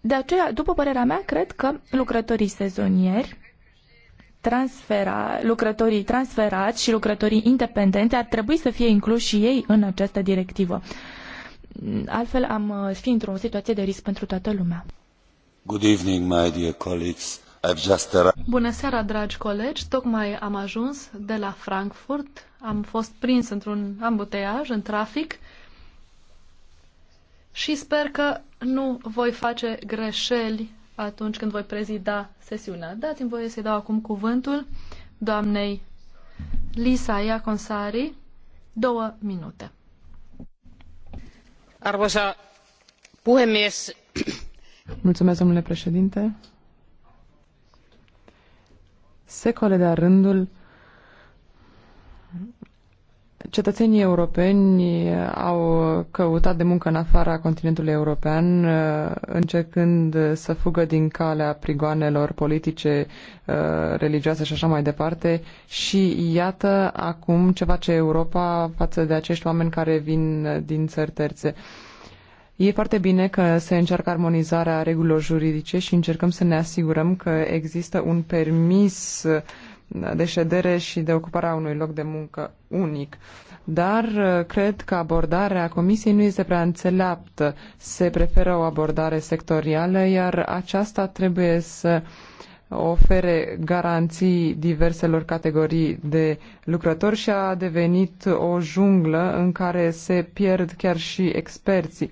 [SPEAKER 3] De aceea, după părerea mea, cred că lucrătorii sezonieri transfera, lucrătorii transferați și lucrătorii independenți ar trebui să fie incluși și ei în această directivă.
[SPEAKER 2] Altfel am uh, fi într-o situație de risc pentru toată lumea. Good evening, my dear colleagues. Bună seara, dragi colegi! Tocmai am ajuns de la Frankfurt. Am fost prins într-un ambuteiaj, în trafic. Și sper că nu voi face greșeli atunci când voi prezida sesiunea. Dați-mi voie să-i dau acum cuvântul doamnei Lisa Iaconsari. Două minute.
[SPEAKER 1] Arvoza puhemies. Mulțumesc, domnule președinte secole de-a rândul, cetățenii europeni au căutat de muncă în afara continentului european, uh, încercând să fugă din calea prigoanelor politice, uh, religioase și așa mai departe. Și iată acum ce face Europa față de acești oameni care vin din țări terțe. E foarte bine că se încearcă armonizarea regulilor juridice și încercăm să ne asigurăm că există un permis de ședere și de ocuparea unui loc de muncă unic. Dar uh, cred că abordarea Comisiei nu este prea înțeleaptă. Se preferă o abordare sectorială, iar aceasta trebuie să ofere garanții diverselor categorii de lucrători și a devenit o junglă în care se pierd chiar și experții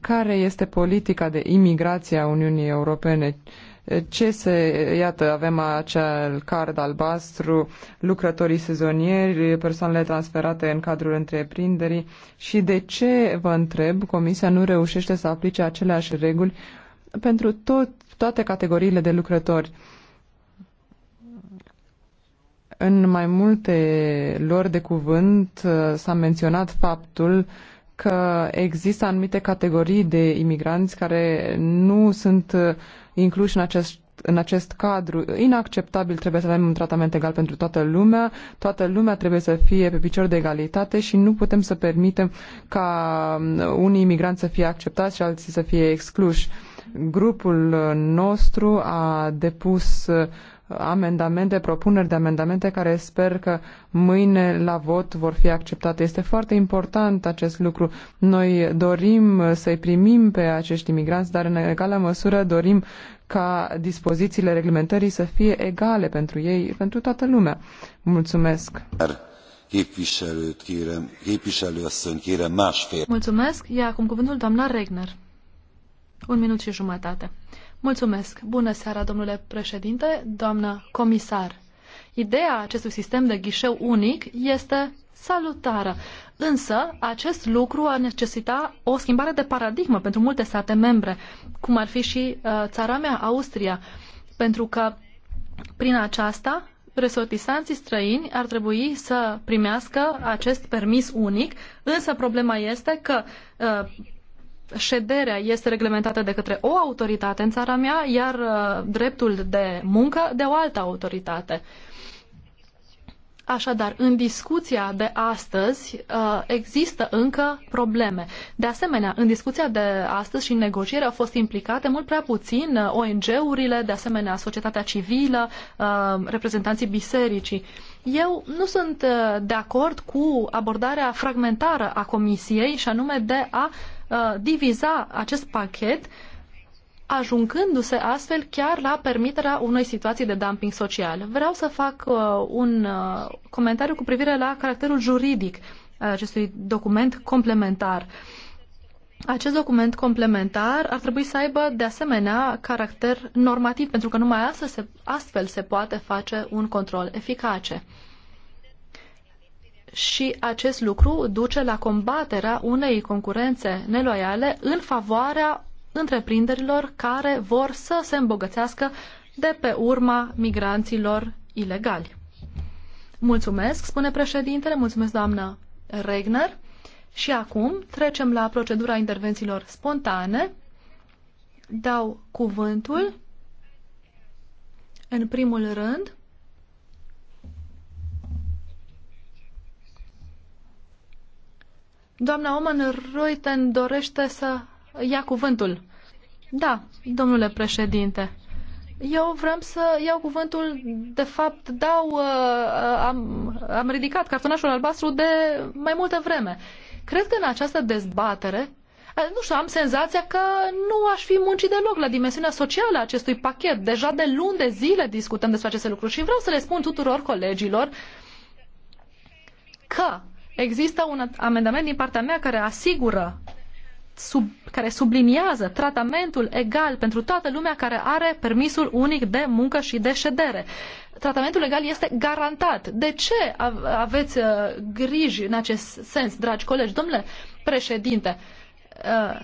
[SPEAKER 1] care este politica de imigrație a Uniunii Europene? Ce se, iată, avem acel card albastru, lucrătorii sezonieri, persoanele transferate în cadrul întreprinderii și de ce, vă întreb, Comisia nu reușește să aplice aceleași reguli pentru tot, toate categoriile de lucrători? În mai multe lor de cuvânt s-a menționat faptul că există anumite categorii de imigranți care nu sunt uh, incluși în acest în acest cadru inacceptabil trebuie să avem un tratament egal pentru toată lumea, toată lumea trebuie să fie pe picior de egalitate și nu putem să permitem ca um, unii imigranți să fie acceptați și alții să fie excluși. Grupul uh, nostru a depus uh, amendamente, propuneri de amendamente care sper că mâine la vot vor fi acceptate. Este foarte important acest lucru. Noi dorim să-i primim pe acești imigranți, dar în egală măsură dorim ca dispozițiile reglementării să fie egale pentru ei, pentru toată lumea. Mulțumesc!
[SPEAKER 2] Mulțumesc, ia acum cuvântul doamna Regner. Un minut și jumătate. Mulțumesc. Bună seara, domnule președinte, doamnă comisar. Ideea acestui sistem de ghișeu unic este salutară, însă acest lucru a necesita o schimbare de paradigmă pentru multe state membre, cum ar fi și uh, țara mea, Austria, pentru că prin aceasta resortisanții străini ar trebui să primească acest permis unic, însă problema este că uh, șederea este reglementată de către o autoritate în țara mea, iar uh, dreptul de muncă de o altă autoritate. Așadar, în discuția de astăzi uh, există încă probleme. De asemenea, în discuția de astăzi și în negociere au fost implicate mult prea puțin uh, ONG-urile, de asemenea societatea civilă, reprezentanții bisericii. Eu nu sunt de acord cu abordarea fragmentară a Comisiei și anume de a uh, Uh, diviza acest pachet ajungându-se astfel chiar la permiterea unei situații de dumping social. Vreau să fac uh, un uh, comentariu cu privire la caracterul juridic al acestui document complementar. Acest document complementar ar trebui să aibă de asemenea caracter normativ, pentru că numai astfel se, astfel se poate face un control eficace și acest lucru duce la combaterea unei concurențe neloiale în favoarea întreprinderilor care vor să se îmbogățească de pe urma migranților ilegali. Mulțumesc, spune președintele, mulțumesc doamnă Regner. Și acum trecem la procedura intervențiilor spontane. Dau cuvântul în primul rând Doamna Oman Reuten dorește să ia cuvântul. Da, domnule președinte. Eu vreau să iau cuvântul, de fapt, dau, uh, uh, am, am ridicat cartonașul albastru de mai multă vreme. Cred că în această dezbatere, uh, nu știu, am senzația că nu aș fi muncit deloc la dimensiunea socială a acestui pachet. Deja de luni de zile discutăm despre aceste lucruri și vreau să le spun tuturor colegilor că uh, Există un amendament din partea mea care asigură, sub, care subliniază tratamentul egal pentru toată lumea care are permisul unic de muncă și de ședere. Tratamentul legal este garantat. De ce aveți uh, griji în acest sens, dragi colegi? Domnule președinte, uh,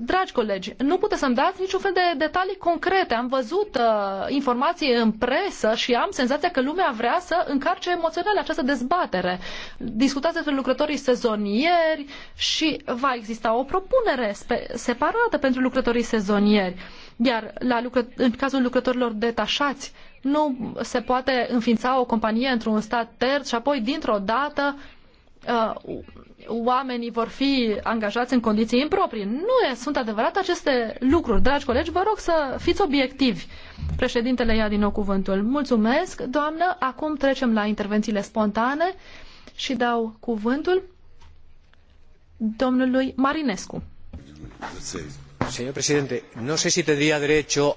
[SPEAKER 2] Dragi colegi, nu puteți să-mi dați niciun fel de detalii concrete. Am văzut uh, informații în presă și am senzația că lumea vrea să încarce emoțional această dezbatere. Discutați despre lucrătorii sezonieri și va exista o propunere separată pentru lucrătorii sezonieri. Iar la lucră- în cazul lucrătorilor detașați, nu se poate înființa o companie într-un stat terț și apoi, dintr-o dată, uh, oamenii vor fi angajați în condiții improprii. Nu e, sunt adevărate aceste lucruri. Dragi colegi, vă rog să fiți obiectivi. Președintele ia din nou cuvântul. Mulțumesc, doamnă. Acum trecem la intervențiile spontane și dau cuvântul domnului Marinescu.
[SPEAKER 1] Señor presidente, no sé si tendría derecho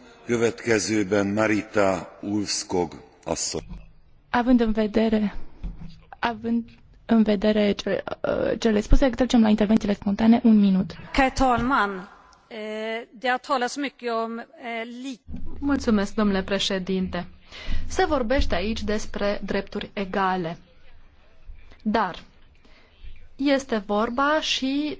[SPEAKER 2] Következőben Marita Ulfskog asszony.
[SPEAKER 3] Având în vedere, având în vedere uh, cele, spuse, trecem la intervențiile spontane. Un minut.
[SPEAKER 2] Herr eh, de a eh, Mulțumesc, domnule președinte. Se vorbește aici despre drepturi egale. Dar este vorba și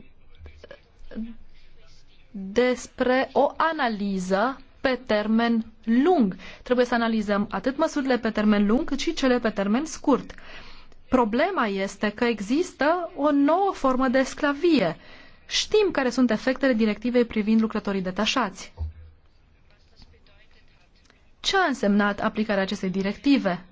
[SPEAKER 2] despre o analiză pe termen lung. Trebuie să analizăm atât măsurile pe termen lung, cât și cele pe termen scurt. Problema este că există o nouă formă de sclavie. Știm care sunt efectele directivei privind lucrătorii detașați. Ce a însemnat aplicarea acestei directive?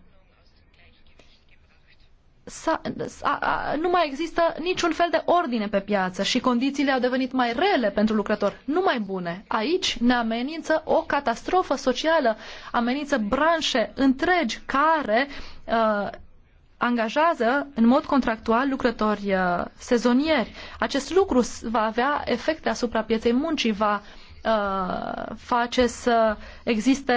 [SPEAKER 2] a, a, nu mai există niciun fel de ordine pe piață și condițiile au devenit mai rele pentru lucrători, nu mai bune. Aici ne amenință o catastrofă socială, amenință branșe întregi care uh, angajează în mod contractual lucrători uh, sezonieri. Acest lucru va avea efecte asupra pieței muncii, va uh, face să existe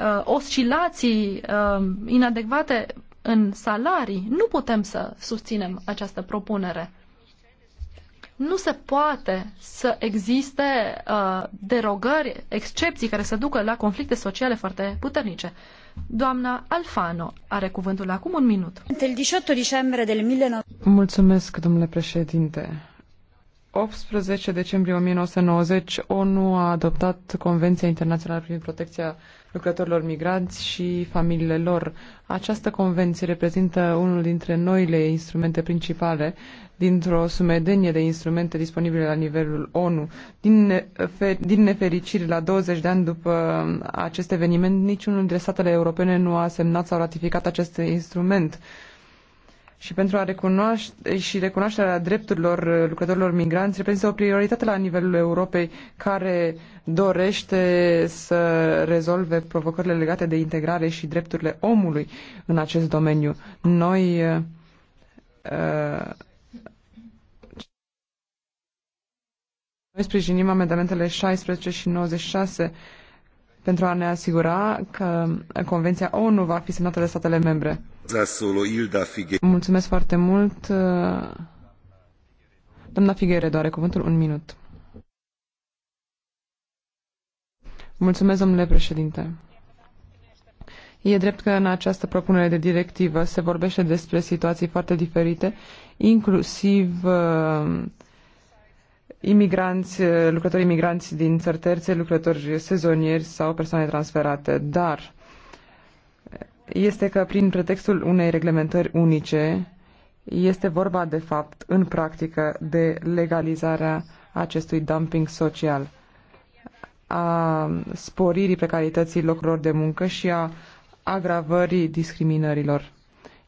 [SPEAKER 2] uh, oscilații uh, inadecvate în salarii, nu putem să susținem această propunere. Nu se poate să existe uh, derogări, excepții care să ducă la conflicte sociale foarte puternice. Doamna Alfano are cuvântul acum un minut.
[SPEAKER 1] Mulțumesc, domnule președinte. 18 decembrie 1990, ONU a adoptat Convenția Internațională privind protecția lucrătorilor migranți și familiile lor. Această convenție reprezintă unul dintre noile instrumente principale dintr-o sumedenie de instrumente disponibile la nivelul ONU. Din, nefer- din nefericire, la 20 de ani după acest eveniment, niciunul dintre statele europene nu a semnat sau ratificat acest instrument. Uh, și pentru a recunoaște și recunoașterea drepturilor uh, lucrătorilor migranți reprezintă o prioritate la nivelul Europei care dorește să rezolve provocările legate de integrare și drepturile omului în acest domeniu. Noi uh, noi sprijinim amendamentele 16 și 96 pentru a ne asigura că Convenția ONU va fi semnată de statele membre. Mulțumesc foarte mult. Doamna Figuere doare cuvântul un minut. Mulțumesc, domnule președinte. E drept că în această propunere de directivă se vorbește despre situații foarte diferite, inclusiv uh, imigranți, uh, lucrători imigranți din țări terțe, lucrători sezonieri sau persoane transferate, dar este că prin pretextul unei reglementări unice este vorba de fapt în practică de legalizarea acestui dumping social, a sporirii precarității locurilor de muncă și a agravării discriminărilor.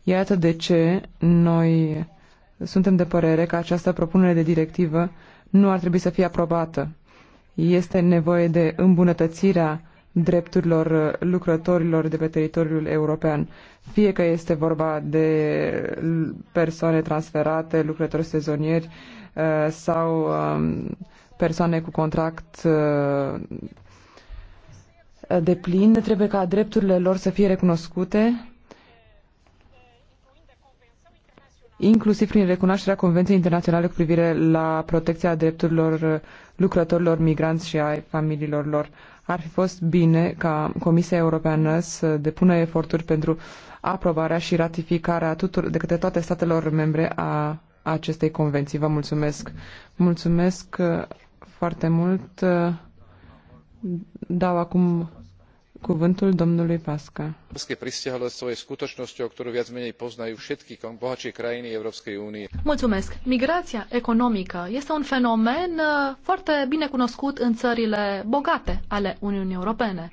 [SPEAKER 1] Iată de ce noi suntem de părere că această propunere de directivă nu ar trebui să fie aprobată. Este nevoie de îmbunătățirea drepturilor lucrătorilor de pe teritoriul european. Fie că este vorba de persoane transferate, lucrători sezonieri uh, sau um, persoane cu contract uh, de plin, trebuie ca drepturile lor să fie recunoscute inclusiv prin recunoașterea Convenției Internaționale cu privire la protecția drepturilor lucrătorilor migranți și ai familiilor lor. Ar fi fost bine ca Comisia Europeană să depună eforturi pentru aprobarea și ratificarea tutur de către toate statelor membre a acestei convenții. Vă mulțumesc. Mulțumesc foarte mult. Dau acum cuvântul domnului Pasca.
[SPEAKER 2] pristiaľovstvo je skutočnosťou, ktorú viac menej poznajú všetky bohatšie krajiny Európskej únie.
[SPEAKER 1] Mulțumesc. Migrația
[SPEAKER 2] economică este un fenomen uh, foarte bine cunoscut în țările bogate ale Uniunii Europene.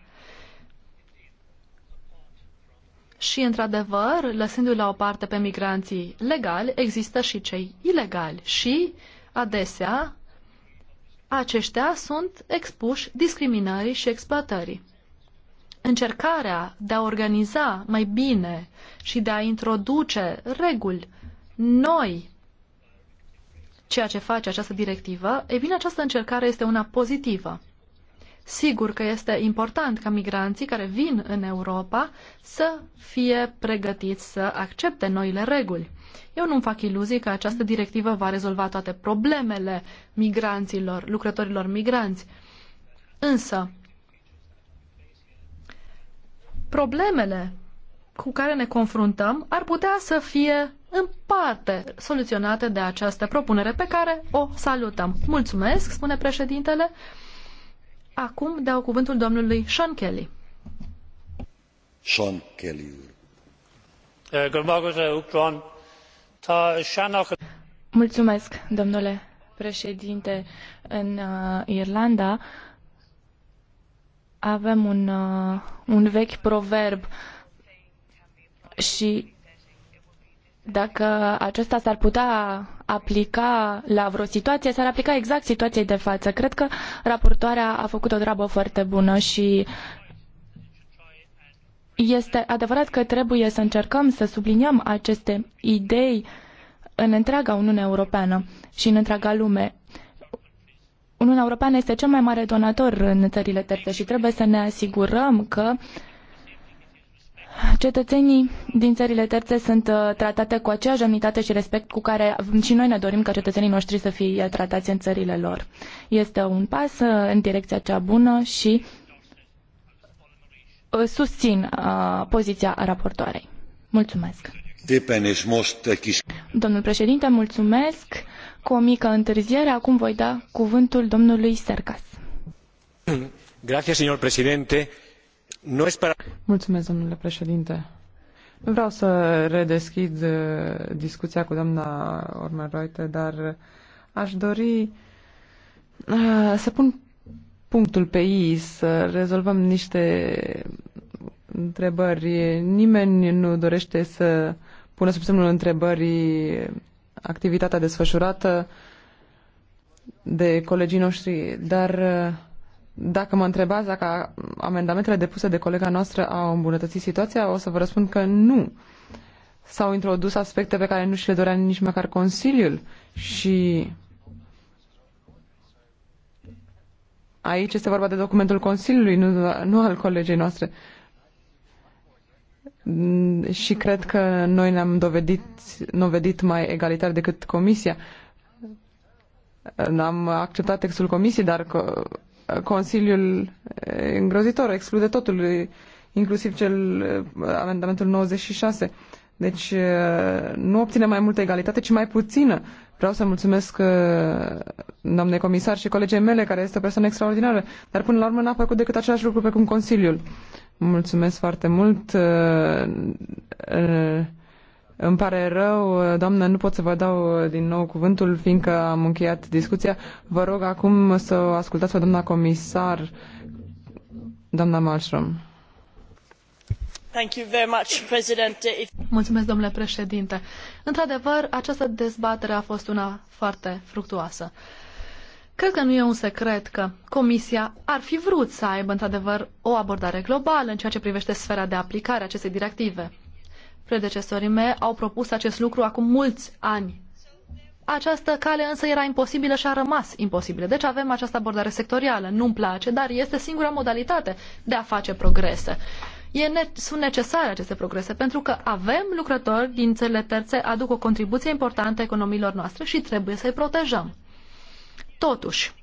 [SPEAKER 2] Și, într-adevăr, lăsându-i la o parte pe migranții legali, există și cei ilegali și, adesea, aceștia sunt expuși discriminării și exploatării încercarea de a organiza mai bine și de a introduce reguli noi ceea ce face această directivă, e bine, această încercare este una pozitivă. Sigur că este important ca migranții care vin în Europa să fie pregătiți să accepte noile reguli. Eu nu-mi fac iluzii că această directivă va rezolva toate problemele migranților, lucrătorilor migranți. Însă, problemele cu care ne confruntăm ar putea să fie în parte soluționate de această propunere pe care o salutăm. Mulțumesc, spune președintele. Acum dau cuvântul domnului Sean Kelly. Sean Kelly. Mulțumesc,
[SPEAKER 3] domnule președinte. În uh, Irlanda, avem un, uh, un vechi proverb și dacă acesta s-ar putea aplica la vreo situație, s-ar aplica exact situației de față. Cred că raportoarea a făcut o treabă foarte bună și este adevărat că trebuie să încercăm să subliniem aceste idei în întreaga Uniune Europeană și în întreaga lume. Uniunea Europeană este cel mai mare donator în țările terțe și trebuie să ne asigurăm că cetățenii din țările terțe sunt uh, tratate cu aceeași demnitate și respect cu care și noi ne dorim ca cetățenii noștri să fie tratați în țările lor. Este un pas uh, în direcția cea bună și uh, susțin poziția raportoarei. Mulțumesc. Domnul președinte, mulțumesc cu o mică întârziere. Acum voi da cuvântul domnului Sercas.
[SPEAKER 2] presidente.
[SPEAKER 1] Mulțumesc, domnule președinte. Nu vreau să redeschid uh, discuția cu doamna Ormeroite, dar uh, aș dori uh, să pun punctul pe ei, să rezolvăm niște întrebări. Nimeni nu dorește să pună sub semnul întrebării activitatea desfășurată de colegii noștri, dar uh, dacă mă întrebați dacă amendamentele depuse de colega noastră au îmbunătățit situația, o să vă răspund că nu. S-au introdus aspecte pe care nu și le dorea nici măcar Consiliul și aici este vorba de documentul Consiliului, nu, nu al colegii noastre. Uh, Mm, și cred că noi ne-am dovedit, dovedit mai egalitar decât Comisia. N-am acceptat textul Comisiei, dar Consiliul îngrozitor exclude totul, inclusiv cel eh, amendamentul 96. Deci eh, nu obține mai multă egalitate, ci mai puțină. Vreau să mulțumesc eh, doamnei comisar și colegei mele, care este o persoană extraordinară, dar până la urmă n-a făcut decât același lucru pe cum Consiliul. Mulțumesc foarte mult. Uh, uh, îmi pare rău, uh, doamnă, nu pot să vă dau din nou cuvântul, fiindcă am încheiat discuția. Vă rog acum să ascultați pe doamna comisar, doamna Malmström.
[SPEAKER 2] Mulțumesc, domnule președinte. Într-adevăr, această dezbatere a fost una foarte fructuoasă. Cred că nu e un secret că Comisia ar fi vrut să aibă, într-adevăr, o abordare globală în ceea ce privește sfera de aplicare a acestei directive. Predecesorii mei au propus acest lucru acum mulți ani. Această cale însă era imposibilă și a rămas imposibilă. Deci avem această abordare sectorială. Nu-mi place, dar este singura modalitate de a face progrese. E ne- sunt necesare aceste progrese pentru că avem lucrători din țările terțe, aduc o contribuție importantă economiilor noastre și trebuie să-i protejăm. Totuși,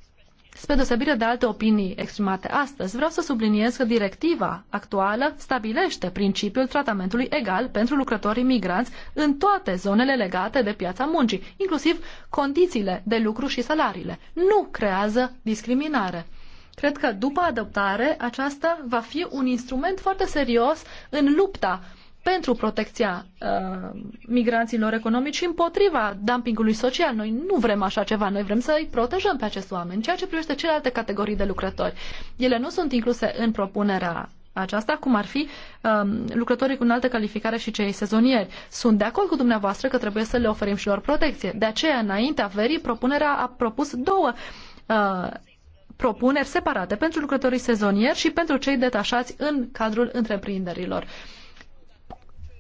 [SPEAKER 2] spre deosebire de alte opinii exprimate astăzi, vreau să subliniez că directiva actuală stabilește principiul tratamentului egal pentru lucrătorii migranți în toate zonele legate de piața muncii, inclusiv condițiile de lucru și salariile. Nu creează discriminare. Cred că după adoptare aceasta va fi un instrument foarte serios în lupta uh, pentru protecția uh, migranților economici și împotriva dumpingului social. Noi nu vrem așa ceva, noi vrem să îi protejăm pe acest oameni, ceea ce privește celelalte categorii de lucrători. Ele nu sunt incluse în propunerea aceasta, cum ar fi um, lucrătorii cu înaltă calificare și cei sezonieri. Sunt de acord cu dumneavoastră că trebuie să le oferim și lor protecție. De aceea, înaintea verii, propunerea a propus două uh, propuneri separate pentru lucrătorii sezonieri și pentru cei detașați în cadrul întreprinderilor. Uh,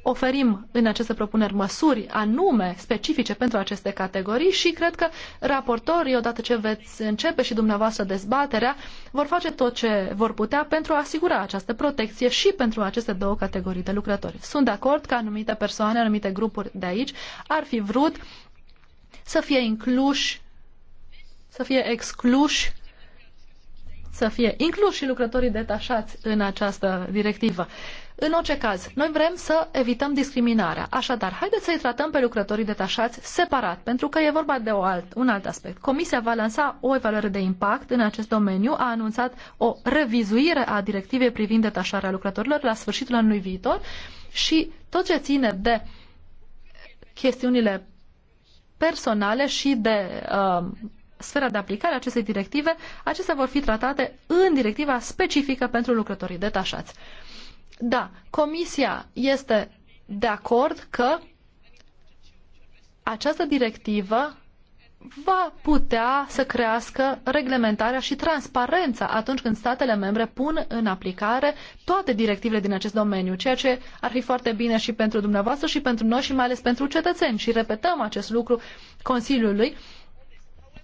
[SPEAKER 2] oferim în aceste propuneri măsuri anume specifice pentru aceste categorii și cred că raportorii, odată ce veți începe și dumneavoastră dezbaterea, vor face tot ce vor putea pentru a asigura această protecție și pentru aceste două categorii de lucrători. Sunt de acord că anumite persoane, anumite grupuri de aici ar fi vrut să fie incluși, să fie excluși să fie incluși și lucrătorii detașați în această directivă. În orice caz, noi vrem să evităm discriminarea. Așadar, haideți să-i tratăm pe lucrătorii detașați separat, pentru că e vorba de o alt, un alt aspect. Comisia va lansa o evaluare de impact în acest domeniu, a anunțat o revizuire a directivei privind detașarea lucrătorilor la sfârșitul anului viitor și tot ce ține de chestiunile personale și de uh, sfera de aplicare a acestei directive, acestea vor fi tratate în directiva specifică pentru lucrătorii detașați. Da, Comisia este de acord că această directivă va putea să crească reglementarea și transparența atunci când statele membre pun în aplicare toate directivele din acest domeniu, ceea ce ar fi foarte bine și pentru dumneavoastră și pentru noi și mai ales pentru cetățeni. Și repetăm acest lucru Consiliului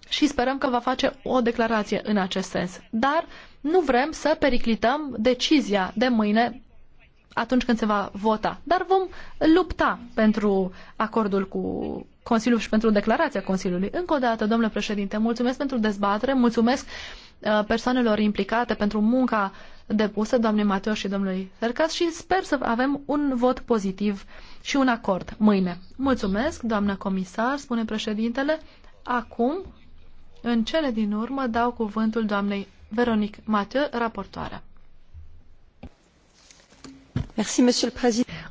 [SPEAKER 2] și sperăm că va face o declarație în acest sens. Dar nu vrem să periclităm decizia de mâine atunci când se va vota. Dar vom lupta pentru acordul cu Consiliul și pentru declarația Consiliului. Încă o dată, domnule președinte, mulțumesc pentru dezbatere, mulțumesc uh, persoanelor implicate pentru munca depusă, doamnei Mateo și domnului Sercas și sper să avem un vot pozitiv și un acord mâine. Mulțumesc, doamnă comisar, spune președintele. Acum, în cele din urmă, dau cuvântul doamnei Veronic Mateo, raportoarea.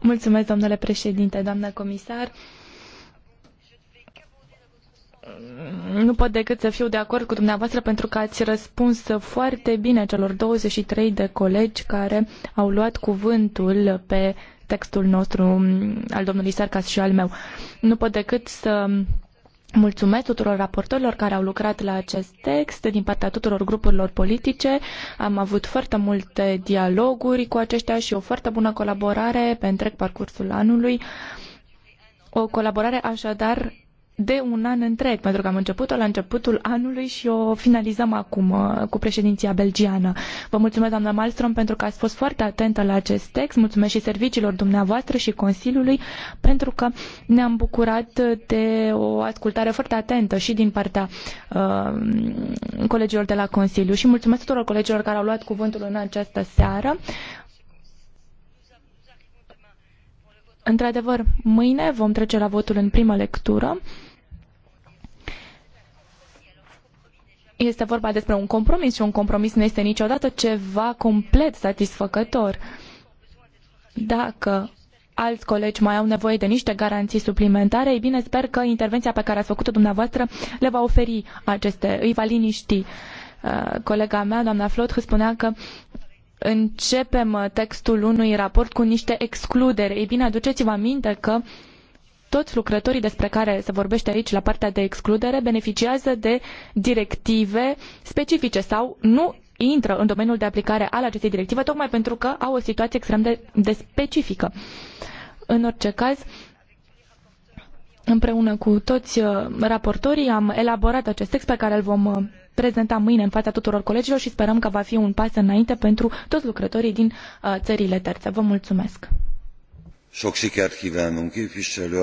[SPEAKER 3] Mulțumesc, domnule președinte, doamnă comisar. Nu pot decât să fiu de acord cu dumneavoastră pentru că ați răspuns foarte bine celor 23 de colegi care au luat cuvântul pe textul nostru mm, al domnului Sarcas și al meu. Nu pot decât să Mulțumesc tuturor raportorilor care au lucrat la acest text din partea tuturor grupurilor politice. Am avut foarte multe dialoguri cu aceștia și o foarte bună colaborare pe întreg parcursul anului. O colaborare așadar de un an întreg, pentru că am început-o la începutul anului și o finalizăm acum uh, cu președinția belgiană. Vă mulțumesc, doamna Malmström, pentru că ați fost foarte atentă la acest text. Mulțumesc și serviciilor dumneavoastră și Consiliului, pentru că ne-am bucurat de o ascultare foarte atentă și din partea uh, colegilor de la Consiliu. Și mulțumesc tuturor colegilor care au luat cuvântul în această seară. Într-adevăr, mâine vom trece la votul în primă lectură. Este vorba despre un compromis și un compromis nu este niciodată ceva complet satisfăcător. Dacă alți colegi mai au nevoie de niște garanții suplimentare, ei bine, sper că intervenția pe care ați făcut-o dumneavoastră le va oferi aceste, îi va liniști. Uh, colega mea, doamna Flot, spunea că începem uh, textul unui raport cu niște excluderi. Ei bine, aduceți-vă aminte că toți lucrătorii despre care se vorbește aici la partea de excludere beneficiază de directive specifice sau nu intră în domeniul de aplicare al acestei directive tocmai pentru că au o situație extrem de, de specifică. În orice caz, împreună cu toți uh, raportorii am elaborat acest text pe care îl vom uh, prezenta mâine în fața tuturor colegilor și sperăm că va fi un pas înainte pentru toți lucrătorii din uh, țările terțe. Vă mulțumesc!
[SPEAKER 2] Sok sikert kívánunk képviselő.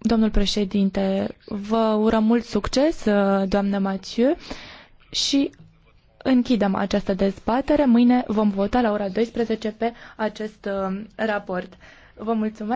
[SPEAKER 3] Domnul președinte, vă urăm mult succes, uh, doamnă Mathieu, și închidem această dezbatere. Mâine vom vota la ora 12 pe acest uh, raport. Vă mulțumesc.